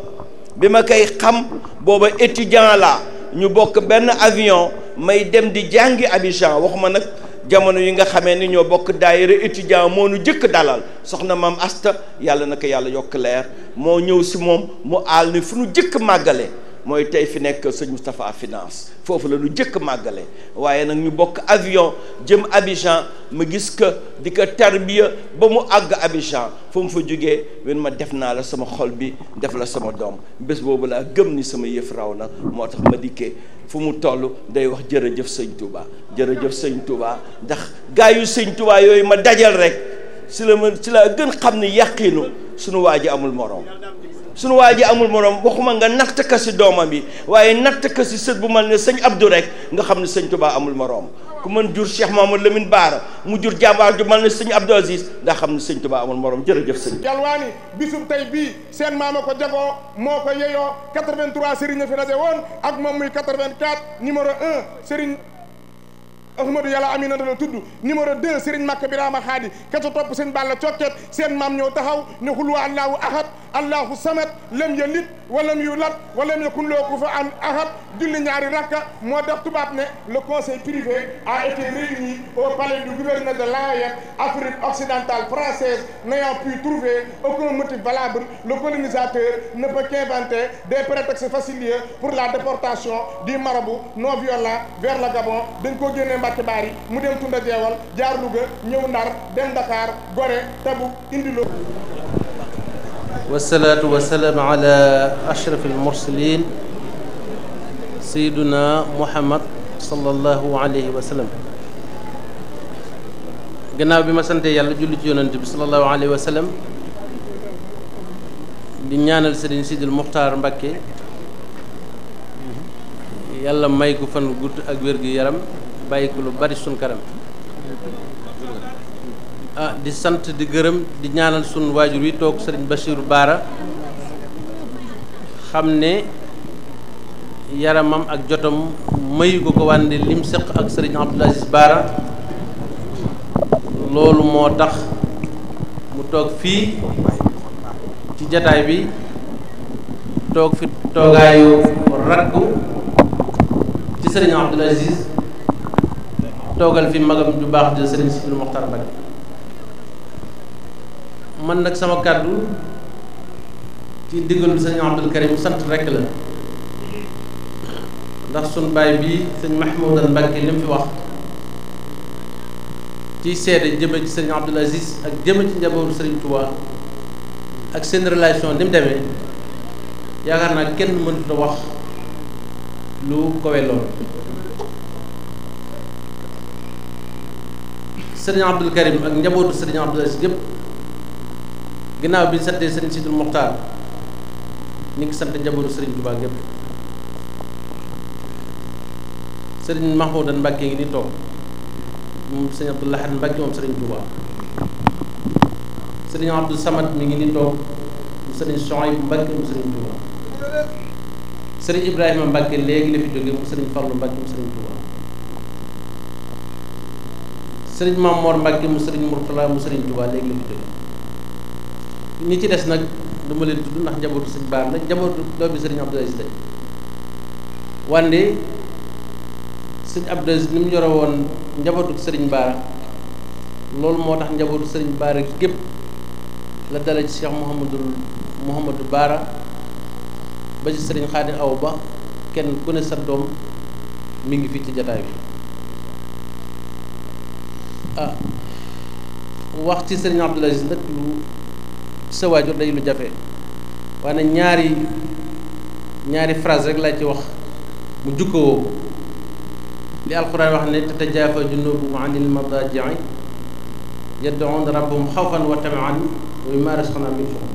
bi ma koy xam booba étudiant laa ñu bokk benn avion may dem di jàngi wax ma nag jamono yi nga xamee ni ñoo bokk daayira étudiant moo nu jëkk dalal soxna maam Asta yàlla na ko yàlla yokk leer moo ñëw si moom mu aal ni fu nu jëkk màggale mooy tey fi nekk sëñ Moustapha finance foofu la lu njëkk màggale waaye nag ñu bokk avion jëm abigent ma gis que di ko tarbiya ba mu àgg Abidjan fu mu fa jógee wen ma def naa la sama xol bi def la sama doom bés boobu laa gëm ni sama yëf raw na moo tax ma dikkee fu mu tollu day wax jërëjëf sëñ Touba jërëjëf sëñ Touba ndax gaa yu sëñ Touba yooyu ma dajal rek si la ma si laa gën xam ni yàqiinu sunu waa ji amul moroom suñu waa ji amul morom waxuma nga natt ka si doomam bi waaye natt ka si sët bu mel ne sëñ Abdou rek nga xam ne sëñ Touba amul morom ku mën jur Cheikh Mamadou Lamine Baara mu jur jàmbaar ju mel ne sëñ Abdou Aziz nga xam ne sëñ Touba amul morom jërëjëf sëñ. Jalwaani bisub tey bii seen maama ko jagoo moo ko yeyoo 83 Serigne fi daje woon ak moom muy 84 numéro 1 Serigne. Ahmadou Amina da la tuddu numéro 2 Serigne Makka Birama Khadi ka top topp sëñ Balla cokket seen maam ñëw taxaw ne xul wa allahu ahad allahu samad lam yalid walam yulad walam yakun lahu kufuwan ahad julli ñaari rakka mo def tubaab ne le conseil privé a été réuni au palais du gouverneur de Layène Afrique occidentale française n'ayant pu trouver aucun motif valable le colonisateur ne peut qu'inventer des prétextes faciles pour la déportation du marabout non violent vers le Gabon dañ ko génne Mbàkke Baari mu dem Tunda Jeewal jaar Louga ñëw Ndar dem Dakar Gore Tabu indi loo wasalaatu wasalaam ala ashraf almursalin sayyiduna muhammad sallallahu alayhi wa sallam gannaaw bi ma sante yàlla julli ci yonent bi sallallahu alayhi wa sallam di ñaanal sëriñ sidil muxtaar Mbakke yàlla may ko fan gudd ak wér-gu-yaram bàyyi ko lu bari suñ kanam ah, di sant di gërëm di ñaanal suñ waajur wi toog sëriñ Bachirou Baara xam ne yaramam ak jotam mayu ko ko wànde lim sëq ak sëriñ Abdoul Aziz Baara loolu moo tax mu toog fii ci jataay bi toog fi toogaayu rakku ci sëriñ Abdoul Aziz toogal fi magam ju baax di sëriñ Sidi Mokhtar Mbacké man nag sama kàddu ci ndigalu sëriñ Abdul Karim sant rek la ndax sun baay bii sëñ Mahmoudan Mbacké li mu fi wax ci seede jëme ci sëriñ Abdul Aziz ak jëme ci njabootu sëriñ Touba ak seen relation ni mu demee yaakaar naa kenn mënut a wax lu kowe loolu sëriñ Abdul Karim ak njabootu sëriñ Abdul Aziz yëpp ginnaaw bi ñu santee sëriñ Sidul Muxtaar ñu ngi sant njabootu sëriñ Tuubaa yëpp sëriñ Mahmoudan Mbàkke ngi ni toog moom sëriñ Abdul Ahad Mbàkke moom sëriñ Tuubaa Samad mi ngi ni toog mu sëriñ Sohayb Mbàkke mu sëriñ Tuubaa sëriñ Ibrahima Mbàkke léegi la fi jóge mu sëriñ Fallu Mbàkke mu sëriñ Tuubaa sëriñ Maam Mor Mbàkke mu sëriñ Murtala mu sëriñ Tuubaa léegi la ñu jógee ñi ci des nag du leen tudd ndax njabootu sëñ Baar la njabootu doomi sëriñ Abdou Aziz lañ wande mu yore woon njabootu sëriñ Baara loolu moo tax njabootu sëriñ Baara gépp la dala ci Cheikh Mouhamadul Mouhamadou Baara ba ci sëriñ Xaadim Aw Ba kenn ku ne sa doom mi ngi fii ci jataay bi آه. وقتي سيرين عبد العزيز نك لو سوا جور لاي لو جافي وانا نياري نياري فراز رك لا تي واخ مو جوكو لي القران واخ ني تتجافى جنوب عن المضاجع يدعون ربهم خوفا وطمعا ويما رزقنا من فوق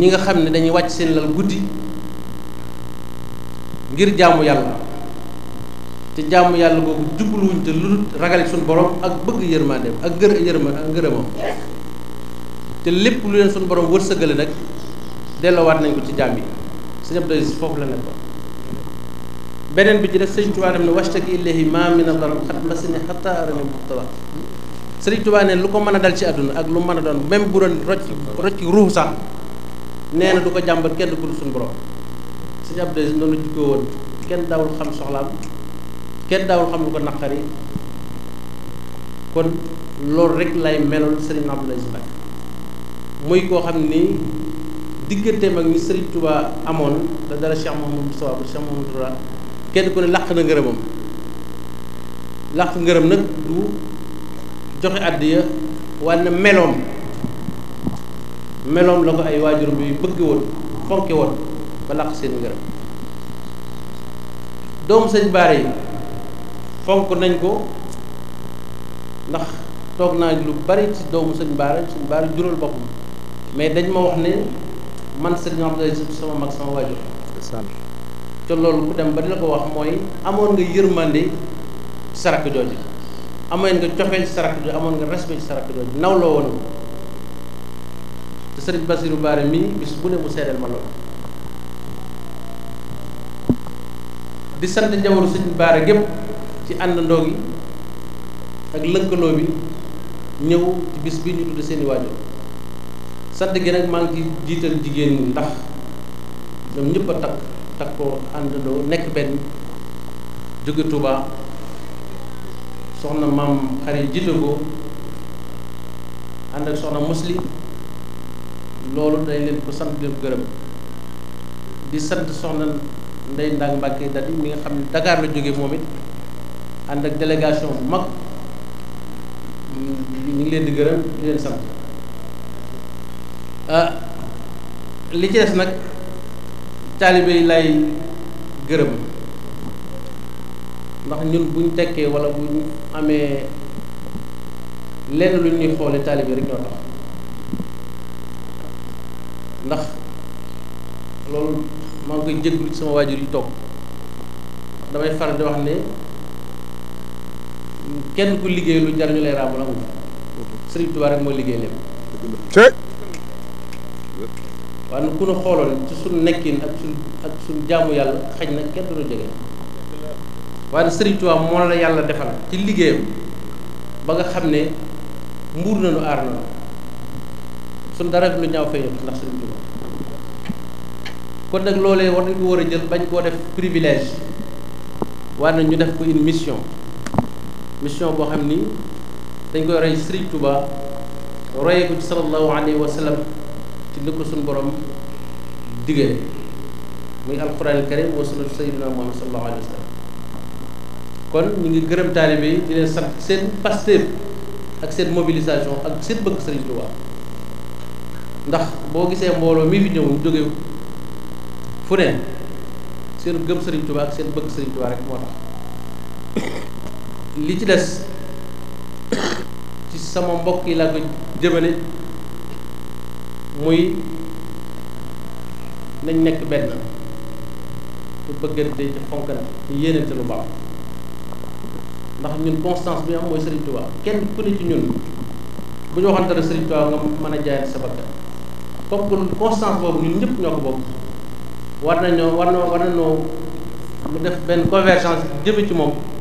نيغا خامني داني واتش سين لال غودي غير جامو يالله te jàmm yàlla googu jubluwuñ te lu ragale suñu borom ak bëgg yërmandeem ak gër yërma ak ngërëmam te lépp lu leen suñu borom wërsëgale nag delloowaat nañ ko ci jàmm yi sëñ Abdou Aziz bi ci def sëñ Tuubaa dem ne washtaki ilayhi ma min ad-darar qad massani hatta arani muhtara sëriñ ne lu ko mën a dal ci àdduna ak lu mën a doon même bu doon rocc rocc ruux sax nee na du ko jàmbat kenn ku dul suñu borom sëñ Abdou noonu la jukkoo woon kenn daawul xam soxlaam kenn daaw xam lu ko naqari kon loolu rek lay meloon Serigne Abdoul Aziz Mbacké muy koo xam ni diggante ak ni Serigne Touba amoon da dara Cheikh Mouhamadou Sow ba Cheikh Mouhamadou Ra kenn ku ne làq na ngërëmam làq ngërëm nag du joxe àddiya walla meloom meloom la ko ay waajurum yu bëgg woon fonke woon ba làq seen ngërëm doomu sëñ Baare yi fonk nañ ko ndax toog naa lu bari ci doomu sëñ Baara sëñ Baara jural boppam mais dañ ma wax ne man sëñ Abdoulaye sama mag sama waajur te loolu ku dem ba di la ko wax mooy amoon nga yërmande sarak jooju amoon nga cofeel ci sarak jooju amoon nga respect ci sarak jooju nawloo woon te sëriñ Basiru Baara mii bu ne bu seedeel ma loolu di sant jamono sëñ Baara gépp ci àndandoo gi ak lëkkaloo bi ñëw ci bis bi ñu tudd seeni waajur sant gi nag maa ngi jiital jigéen ñi ndax ñoom ñëpp a takk takkoo àndandoo nekk benn jóge Touba soxna maam xarit jiital ko ànd ak soxna musli loolu dañ leen ko sant leen gërëm di sant soxna Ndey Ndang Mbàkke Dadi mi nga xam ne Dakar jóge moom it ànd ak délégation bu mag ñu ngi leen di gërëm di leen sant ah, li ci des nag taalibe lay gërëm ndax ñun buñ tekkee wala ñu amee lenn lu ñuy xoole taalibe rek ñoo tax ndax loolu maa koy jéglu ci sama waajur yi toog damay faral di wax ne kenn ku liggéey lu jar ñu lay ràbbul amul Sëriñ Tuubaa rek moo liggéey lépp waaye ku nu xooloon ci suñu nekkin ak suñ ak suñ jaamu yàlla xaj na kenn du nu jege waaye Sëriñ moo la yàlla defal ci liggéeyam ba nga xam ne mbuur nañu aar nañu suñ dara lu ñaaw feeñu ndax Sëriñ kon nag loolee war nañu war a jël bañ koo def privilège waaye nag ñu def ko une mission mission boo xam ni dañ koy roy Sëriñ Tuubaa royee ko ci sallallahu alayhi wa ci ni ko suñu borom diggee muy alquran karim wa sunnatu sayyidina Muhammad sallallahu alayhi wa sallam kon ñu ngi gërëm taalibe yi di sant seen pasteur ak seen mobilisation ak seen bëgg Sëriñ Tuubaa ndax boo gisee mbooloo mi fi ñëw jóge fu ne seen gëm Sëriñ Tuubaa ak seen bëgg Sëriñ Tuubaa rek moo tax li ci des ci sama mbokk yi laa ko jëmale muy nañ nekk benn te bëggante ci fonkante te yéenante lu baax ndax ñun constance bi am mooy Serigne Touba kenn ku ne ci ñun bu ñu waxante rek Serigne Touba nga mën a jaayal sa bakkan comme constance boobu ñun ñëpp ñoo ko bokk war nañoo war na war nañoo mu def benn convergence jëme ci moom.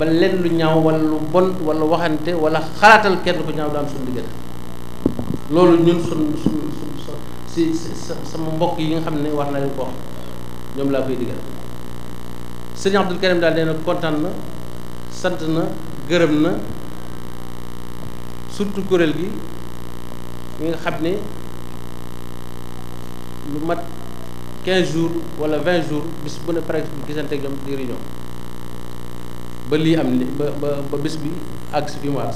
ba lenn lu ñaaw wala lu bon wala waxante wala xalaatal kenn ku ñaaw daan suñu diggante loolu ñun suñ suñ suñ si sama mbokk yi nga xam ne war na leen wax ñoom laa koy digal sëñ Abdul Karim daal nee na kontaan na sant na gërëm na surtout kuréel gi ñi nga xam ne lu mat 15 jours wala 20 jours bis bu ne pare gisante ak ñoom ba lii am ni ba ba bés bi àgg si mu àgg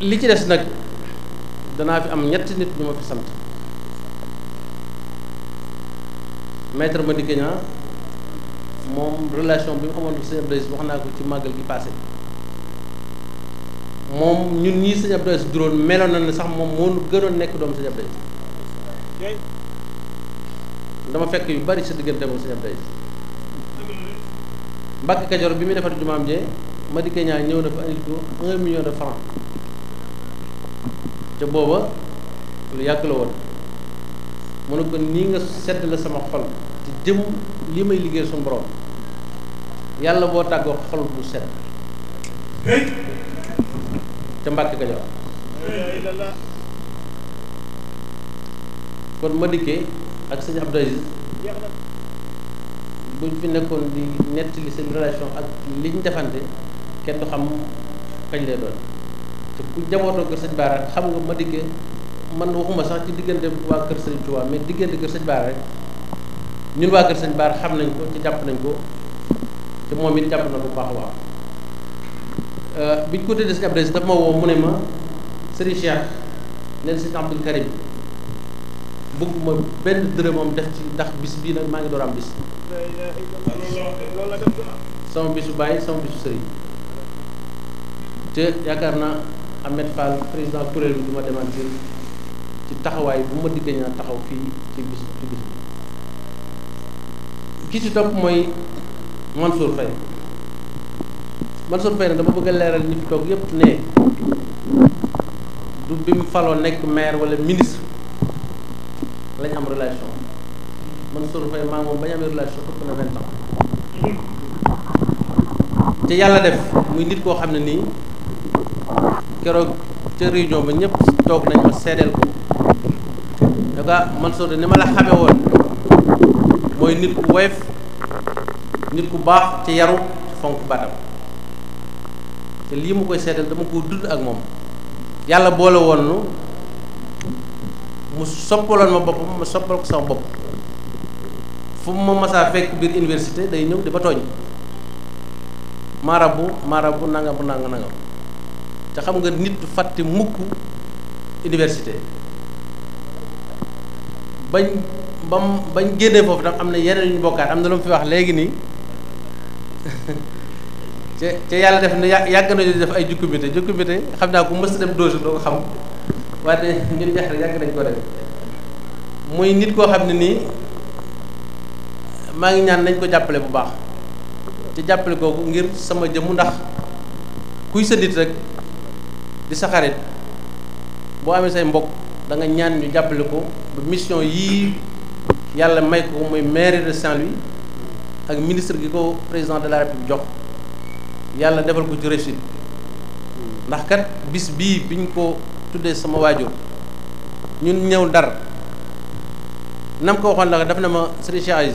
li ci des nag danaa fi am ñetti nit ñu ma fi sant maître Madické Niang moom relation bi mu amoon ak sëñ Abdou wax naa ko ci màggal gi passé moom ñun ñii sëñ Abdou Aziz meloon na ne sax moom moo gënoon nekk doom sëñ Abdou dama fekk yu bari sa diggante moom sëñ Abdou Mbàkke Kajoor bi muy defar jumaam jee Madické Niang ñëw na fa indi ko un million de francs ca booba lu yàgg la woon mu ne ko nii nga sedd la sama xol ci jëm li may liggéey suñu borom yàlla boo tàggoo xol bu sedd ca Mbàkke Kajoor kon Madické ak sëñ Abdou Aziz buñ fi nekkoon di nettali seen relation ak liñ defante kenn du xam kañ lay doon te ku jabootoo kër sëñ Baara xam nga ma dikkee man waxuma sax ci diggante waa kër sëñ Touba mais diggante kër rek ñun waa kër sëñ baar xam nañ ko ci jàpp nañ ko te moom it jàpp na bu baax a baax euh, biñ ko tëddee sëñ Abdou daf ma woo mu ne ma sëriñ Cheikh neen sëñ Abdoul Karim bëgguma benn dërëmam def ci ndax bis bii nag maa ngi door am bis sama bisu bàyyi sama bisu sëriñ te yaakaar naa Ahmed Fall président kuréel bi du ma démentir ci taxawaay bu ma diggee naa taxaw fii ci bis ci bis ki ci mooy Mansour Faye Mansour Faye nag dama bëgg a leeral ñi fi toog yépp ne du bi mu faloo nekk maire wala ministre lañ am relation Mansour Faye maa moom bañ amee relation ëpp na vingt ans yàlla def muy nit koo xam ne nii keroog ca réunion ba ñëpp toog nañ ma seedeel ko da ah, nga Mansour de ni ma la xamee woon mooy nit ku woyof nit ku baax ci yaru ci fonk batam te lii mu koy seedeel dama ko dudd ak moom yàlla boole woon nu mu soppaloon ma boppam ma soppal ko sama bopp fu mu masaa fekk biir université day ñëw di ba tooñ marabu marabu nangam nangam nangam te xam nga nit du fàtte mukk université bañ bam bañ génnee foofu tam am na yeneen ñu bokkaat am na lu mu fi wax léegi nii te te yàlla def na yàgg nañu def ay jukkumite jukkumite xam naa ko mës dem doosu doo ko xam waaye ñun ñax yàgg nañ ko def muy nit koo xam ne nii maa ngi ñaan nañ ko jàppale bu baax te jàppale kooku ngir sama jëmu ndax kuy sa nit rek di sa xarit boo amee say mbokk danga ñaan ñu jàppale ko ba mission yii yàlla may ko muy maire de Saint-Louis ak ministre gi ko président de la république jox yàlla defal ko ci réussite ndax kat bis bii biñ ko tuddee sama waajur ñun ñëw Ndar nam ko waxoon la daf na ma sëriñ Cheikh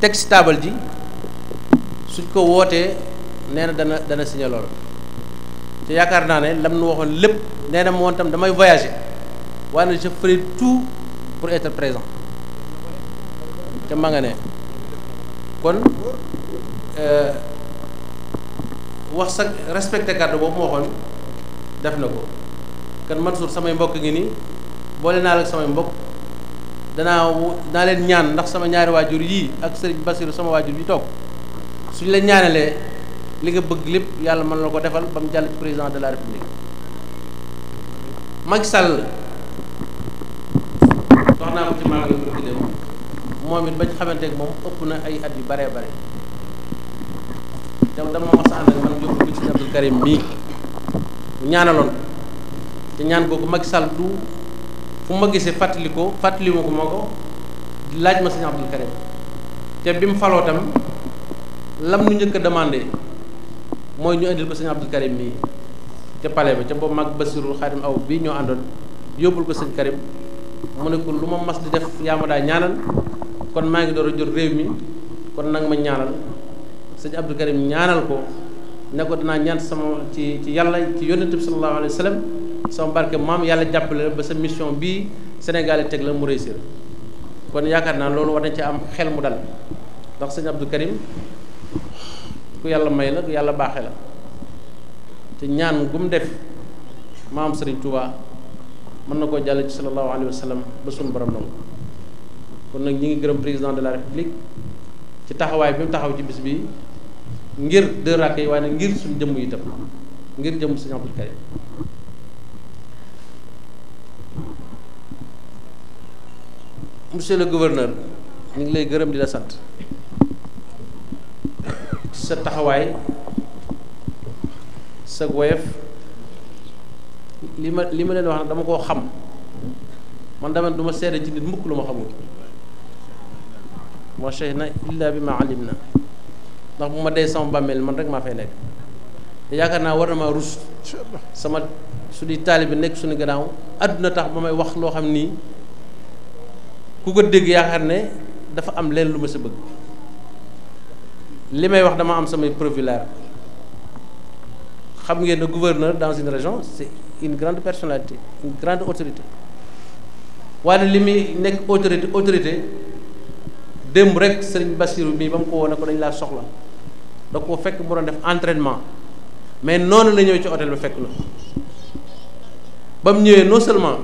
teg ci taabal ji suñ ko wootee nee na dana dana signé loolu te yaakaar naa ne lam nu waxoon lépp nee na moom tam damay voyager waaye nag je ferai tout pour être présent te ma nga ne kon euh, wax sa respecté kàddu boobu mu waxoon def na ko kan Mansour samay mbokk ngi nii boole naa la ak samay mbokk danaa naa leen ñaan ndax sama ñaari waajur yii ak sëriñ Basiru sama waajur yi toog suñ la ñaanalee li nga bëgg lépp yàlla mën la ko defal ba mu jàll ci président de la république Macky Sall wax ko ci maa ngi bëgg dem moom it bañ xamante ak moom ëpp na ay at yu baree bare dama dama mas a ànd ak man yóbbu ko ci Abdou Karim mii ñaanaloon te ñaan googu Macky Sall du fu ma gisee fàttali ko fàttali ko moo laaj ma sëñ Abdul Karim te bi mu faloo tam lam nu njëkk a demandé mooy ñu indil ko sëñ Abdul Karim bi te pale ba ca boobu mag Basirul Xaadim aw bii ñoo àndoon yóbbul ko sëñ Karim mu ne ko lu ma mas di def yaa ma daa ñaanal kon maa ngi door a jot réew mi kon nag ma ñaanal sëñ Abdul Karim ñaanal ko ne ko dinaa ñaan sama ci ci yàlla ci yónnent bi sallallahu alayhi wa sama barke maam yàlla jàppale ba sa mission bii Sénégal yi teg la mu réussir kon yaakaar naa loolu war nañ ci am xel mu dal ndax sëñ Abdou Karim ku yàlla may la ku yàlla baaxe la te ñaan gu mu def maam Serigne Touba mën na koo jàll ci sallallahu alayhi wa sallam ba suñu borom nangu kon nag ñi ngi gërëm président de la république ci taxawaay bi mu taxaw ci bis bi ngir deux rakk yi waaye ngir suñu jëmm yi itam ngir jëmm sëñ Abdou Karim monsieur le gouverneur ñu ngi lay gërëm di la sant sa taxawaay sa woyof li ma li ma leen wax nag dama koo xam man dama duma ma seede ci nit mukk lu ma xamul wa shahidna illa bi ma alim na ndax bu ma dee sama bàmmeel man rek maa fay nekk te yaakaar naa war na maa rus sama su di bi nekk suñu gannaaw àdduna tax ba may wax loo xam nii ku ko dégg yaakaar ne dafa am leen lu ma sa bëgg li may wax dama am samay preuve leer xam ngeen ne gouverneur dans une région c'est une grande personnalité une grande autorité waaye li muy nekk autorité autorité démb rek sëriñ Bassirou mii ba mu ko woo ko dañ laa soxla da ko fekk mu doon def entraînement mais noonu la ñëw ci hôtel ba fekk na ba mu ñëwee non seulement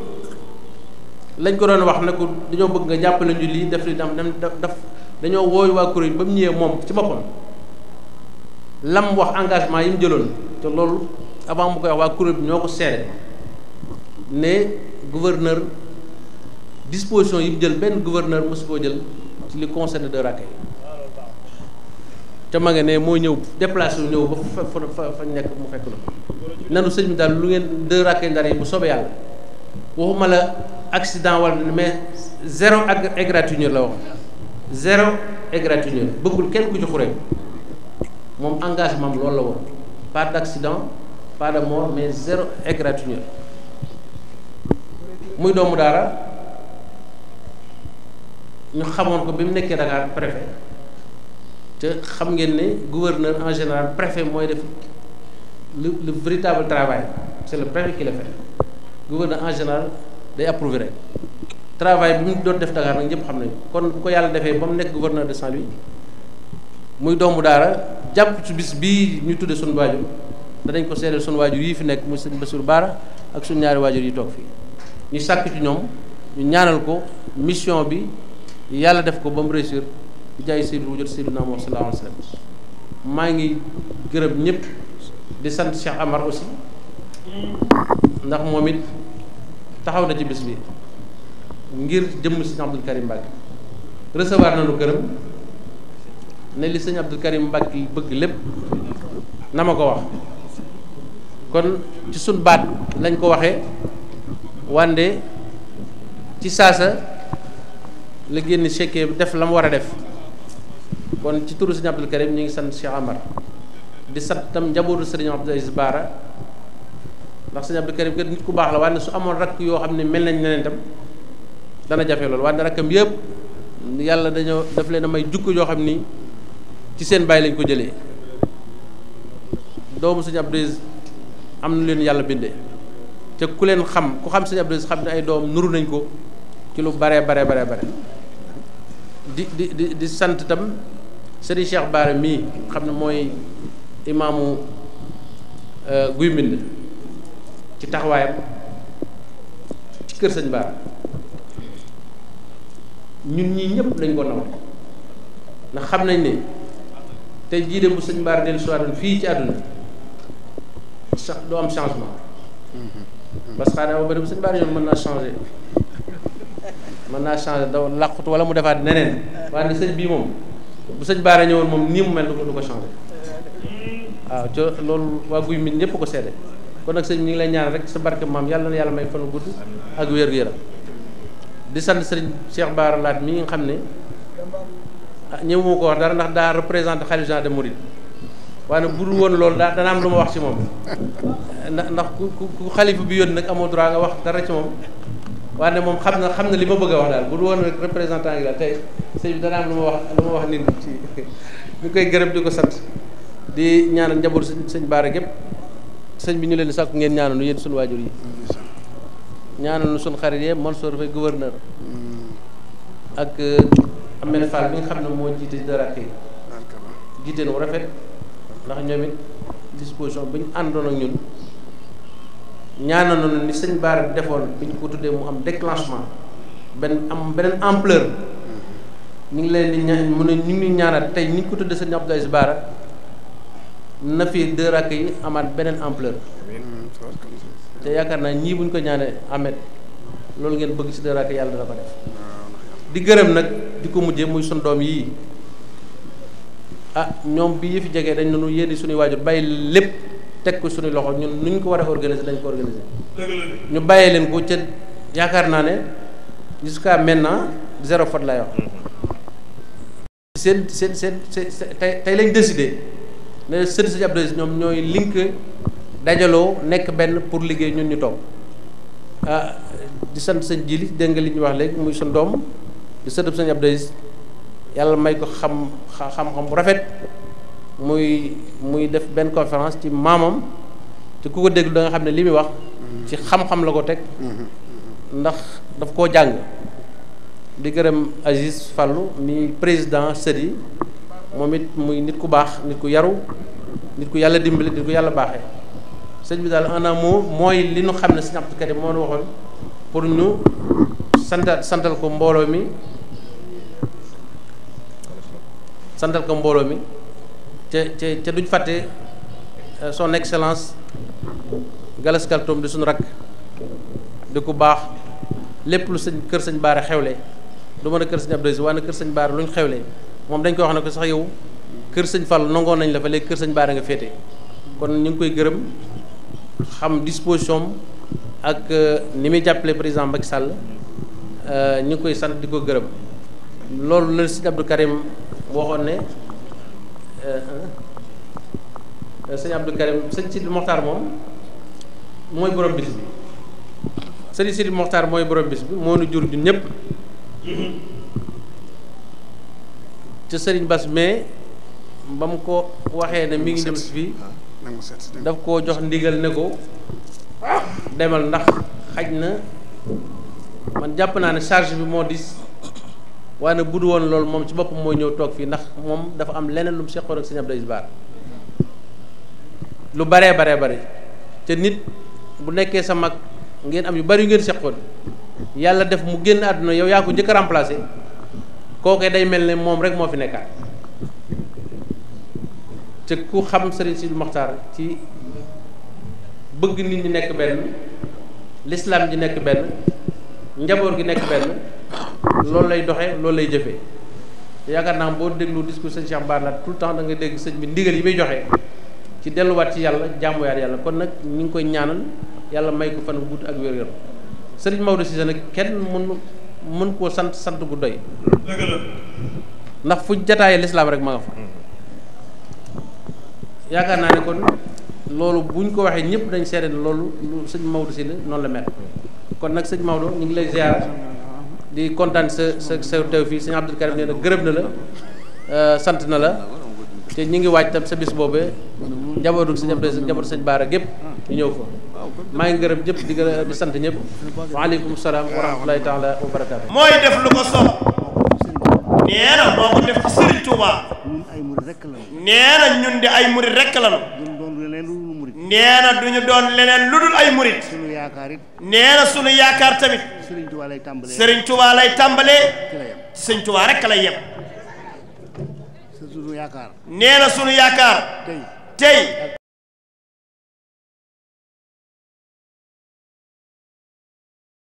lañ ko doon wax ne ko dañoo bëgg nga jàppale ñu lii def li dam dem daf dañoo wooyu waa kuréel ba mu ñëwee moom ci boppam lam wax engagement yi mu jëloon te loolu avant mu koy wax waa kuréel bi ñoo ko seere ne gouverneur disposition yi mu jël benn gouverneur mosu koo jël ci li concerne de Racké te ma nga ne moo ñëw deplace wu ñëw ba fa fa nekk mu fekk na nanu sëñ bi daal lu ngeen de Racké ndar yi bu soobee yàlla waxuma la accident mais zéro égratignure la zéro égratignure de kenn ku de xuree mon engagement am loolu la pas d'accident pas de mort mais zéro égratignure muy doomu d'Ara, ñu xamoon ko bi mu nekkee préfet te xam ngeen gouverneur en général préfet moi def le le véritable travail c'est le préfet qui le fait gouverneur en général day approuvé rek travail bi mu doon def Dakar nag ñëpp xam nañu kon ko yàlla defee ba mu nekk gouverneur de Saint-Louis muy doomu daara jàpp ci bis bii ñu tudde suñu waajur danañ ko seedeel suñu waajur yii fi nekk muy sëñ Bassirou Bara ak suñu ñaari waajur yi toog fii ñu sàkk ci ñoom ñu ñaanal ko mission bi yàlla def ko ba mu réussir di jaay Seydou wujjat Seydou Naama sallallahu alayhi wa sallam maa ngi gërëm ñëpp di sant Cheikh Amar aussi ndax moom it. taxaw na ci bis bi ngir jëmm sëñ Abdul Karim Mbacke recevoir nañu këram ne li sëñ Karim Mbacke bëgg lépp nama kawah, ko wax kon ci sun baat lañ ko waxee wande ci saasa la def la def kon ci turu sëñ Karim ñu ngi sant Cheikh Amar di sant tam njabootu sëriñ Abdou ndax sëñ Abdou Karim kat nit ku baax la waaye su amoon rakk yoo xam ne mel nañ neneen tam dana jafe loolu waaye rakkam yëpp yàlla dañoo daf leen a may jukko yoo xam ni ci seen bàyyi lañ ko jëlee doomu sëñ Abdou am na leen yàlla bindee te ku leen xam ku xam sëñ Abdou xam ne ay doom nuru nañ ko ci lu baree baree bare bare di di di di sant tam sëriñ Cheikh Baara mii xam ne mooy imaamu euh, Guy Mbind ci taxawaayam ci kër sëñ Bara ñun ñii ñëpp dañ ko naw xam nañ ne te jii de bu sëñ Bara dellu siwaatoon fii ci àdduna sax du am changement mm-hmm. parce que xanaa ba bu sëñ Bara ñoom mën naa changer mën naa changer daw làqutu wala mu defaat neneen waaye ne sëñ bii moom bu sëñ Bara ñëwoon moom nii mu mel du ko du ko changer mm-hmm. waaw co loolu waa guy mi ñëpp ko seede kon nag sëñ ñu ngi lay ñaan rek sa barke maam yàlla na yàlla may fanu gudd ak wér-gu-yaram di sant sëriñ Cheikh bar Laat mi nga xam ne ah, ñëw moo ko wax dara ndax daa représenté xalifa général des mourides waaye nag bu dul woon loolu daa dana am lu wax ci moom ndax ku ku bi yónni nag amoo droit nga wax dara ci moom waaye moom xam na xam na li bëgg wax daal bu dul woon rek représentant yi daal tey sëñ dana am lu wax lu wax nit ci ñu koy gërëm di ko sant di ñaanal njaboot sëñ Bara gépp sëñ bi ñu leen sàkku ngeen ñaanal nu yéen suñu waajur yi ñaanal nu suñu xarit yee Mansour Faye gouverneur ak euh, Ahmed Fall bi nga xam ne moo jiite dara yi jiite nu rafet ndax ñoom disposition bi ñu ak ñun ni sëñ bar defoon bi ko tuddee mu am déclenchement Ben am beneen ampleur ñu ngi leen di ñaan mu ne ñu ngi ñaanal tey ni ñu ko Abdou Aziz nafiir deux rakk yi amaat beneen ampleur te yaakaar naa ñii buñ ko ñaanee amet loolu ngeen bëgg ci deux rakk yàlla dana ko def di gërëm nag di ko mujjee muy sun doom yii ah ñoom bi yëfi jege dañ nanu yéene suñuy waajur bàyyi lépp teg ko suñuy loxo ñun nuñ ko war organiser dañ ko organiser ñu bàyyee leen ko ca yaakaar naa ne jusqu'à maintenant zéro faute lay wax mm-hmm. seen seen seen tey lañ décidé mais sëriñ sëriñ Abdou Aziz ñoom ñooy link dajaloo nekk benn pour liggéey ñun ñu toog ah, di sant sëñ jili dégg nga li ñu wax léegi muy suñ doom di sëtëb sëñ Abdou yàlla may ko xam xam-xam bu rafet muy muy def benn conférence ci maamam te ku ko déglu da nga xam ne li muy wax ci xam-xam la ko teg ndax daf koo jàng di gërëm Aziz Fallou mi président sët moom it muy nit ku baax nit ku yaru nit ku yàlla dimbali nit ku yàlla baaxee sëñ bi daal en un mot mooy li ñu xam ne sëñ Abdou Karim moo nu waxoon pour ñu santal santal ko mbooloo mi santal ko mbooloo mi te te te duñ fàtte euh, son excellence Galas Kaltoom di suñu rakk di ku baax lépp lu sëñ kër sëñ Baara xewle du mën a kër sëñ Abdou waaye na kër sëñ Baara luñ xewle moom dañ ko wax na ko sax yow kër sëñ Fall nangoo nañ la fa léegi kër sañ Baara nga féete kon ñu ngi koy gërëm xam disposition ak euh, ni muy jàppale président Macky Sall euh, ñu ngi koy sant di ko gërëm loolu la sëñ Abdou waxoon ne euh, sëñ Abdou Karim sëñ Sidi Mokhtar moom mooy borom bis bi sëñ Sidi Mokhtar mooy borom bis bi moo nu jur ñun ñëpp. ca sëriñ Bas mais ba mu ko waxee ne mi ngi dem fii daf koo jox ndigal ne ko demal ndax xaj na man jàpp naa ne charge bi moo dis waaye nag bu du woon loolu moom ci boppam mooy ñëw toog fii ndax moom dafa am leneen lu mu seqoon ak sëñ Abdou Aziz Bara lu baree baree bare te nit bu nekkee sa mag ngeen am yu bari yu ngeen seqoon yàlla def mu génn àdduna yow yaa ko njëkk a kookee day mel ni moom rek moo fi nekkaat te ku xam Serigne Sidi Mokhtar ci bëgg nit ñi nekk benn lislaam ji nekk benn njaboot gi nekk benn loolu lay doxe lool lay jëfee yaakaar naa boo déglu discours sëñ Cheikh Bara tout le temps da nga dégg sëñ bi ndigal yi muy joxe ci delluwaat ci yàlla jàmmuwaat yàlla kon nag ñu ngi koy ñaanal yàlla may ko fan gudd ak wér-wér sëriñ Maodo Cissé nag kenn mënu mën koo sant sant gu doy ndax fu jataay lislaam rek ma nga mm-hmm. yaakaar naa ne kon loolu buñ ko waxee ñëpp dañu seede loolu lu sëñ Maodo si la noonu la mel mm-hmm. kon nag sëñ Maodo ñu ngi lay ziar di kontaan sa sa sa teew fii sëñ Abdou Karim nee na gërëm na la euh, sant na la te ñu ngi waaj tam sa bis boobee njabootu sëñ Abdou njabootu sëñ Baara gépp ñu maa ngi gërëm ñëpp sant ñëpp waaleykum salaam wa rahmatulahi taala ko sox nee na ñun di ay murit rekk lañu nee na du ñu doon leneen lu dul ay murit nee na sunu yaakaar tamit Serigne Touba lay tàmbalee Serigne Touba rekk lay yem nee sunu yaakaar tey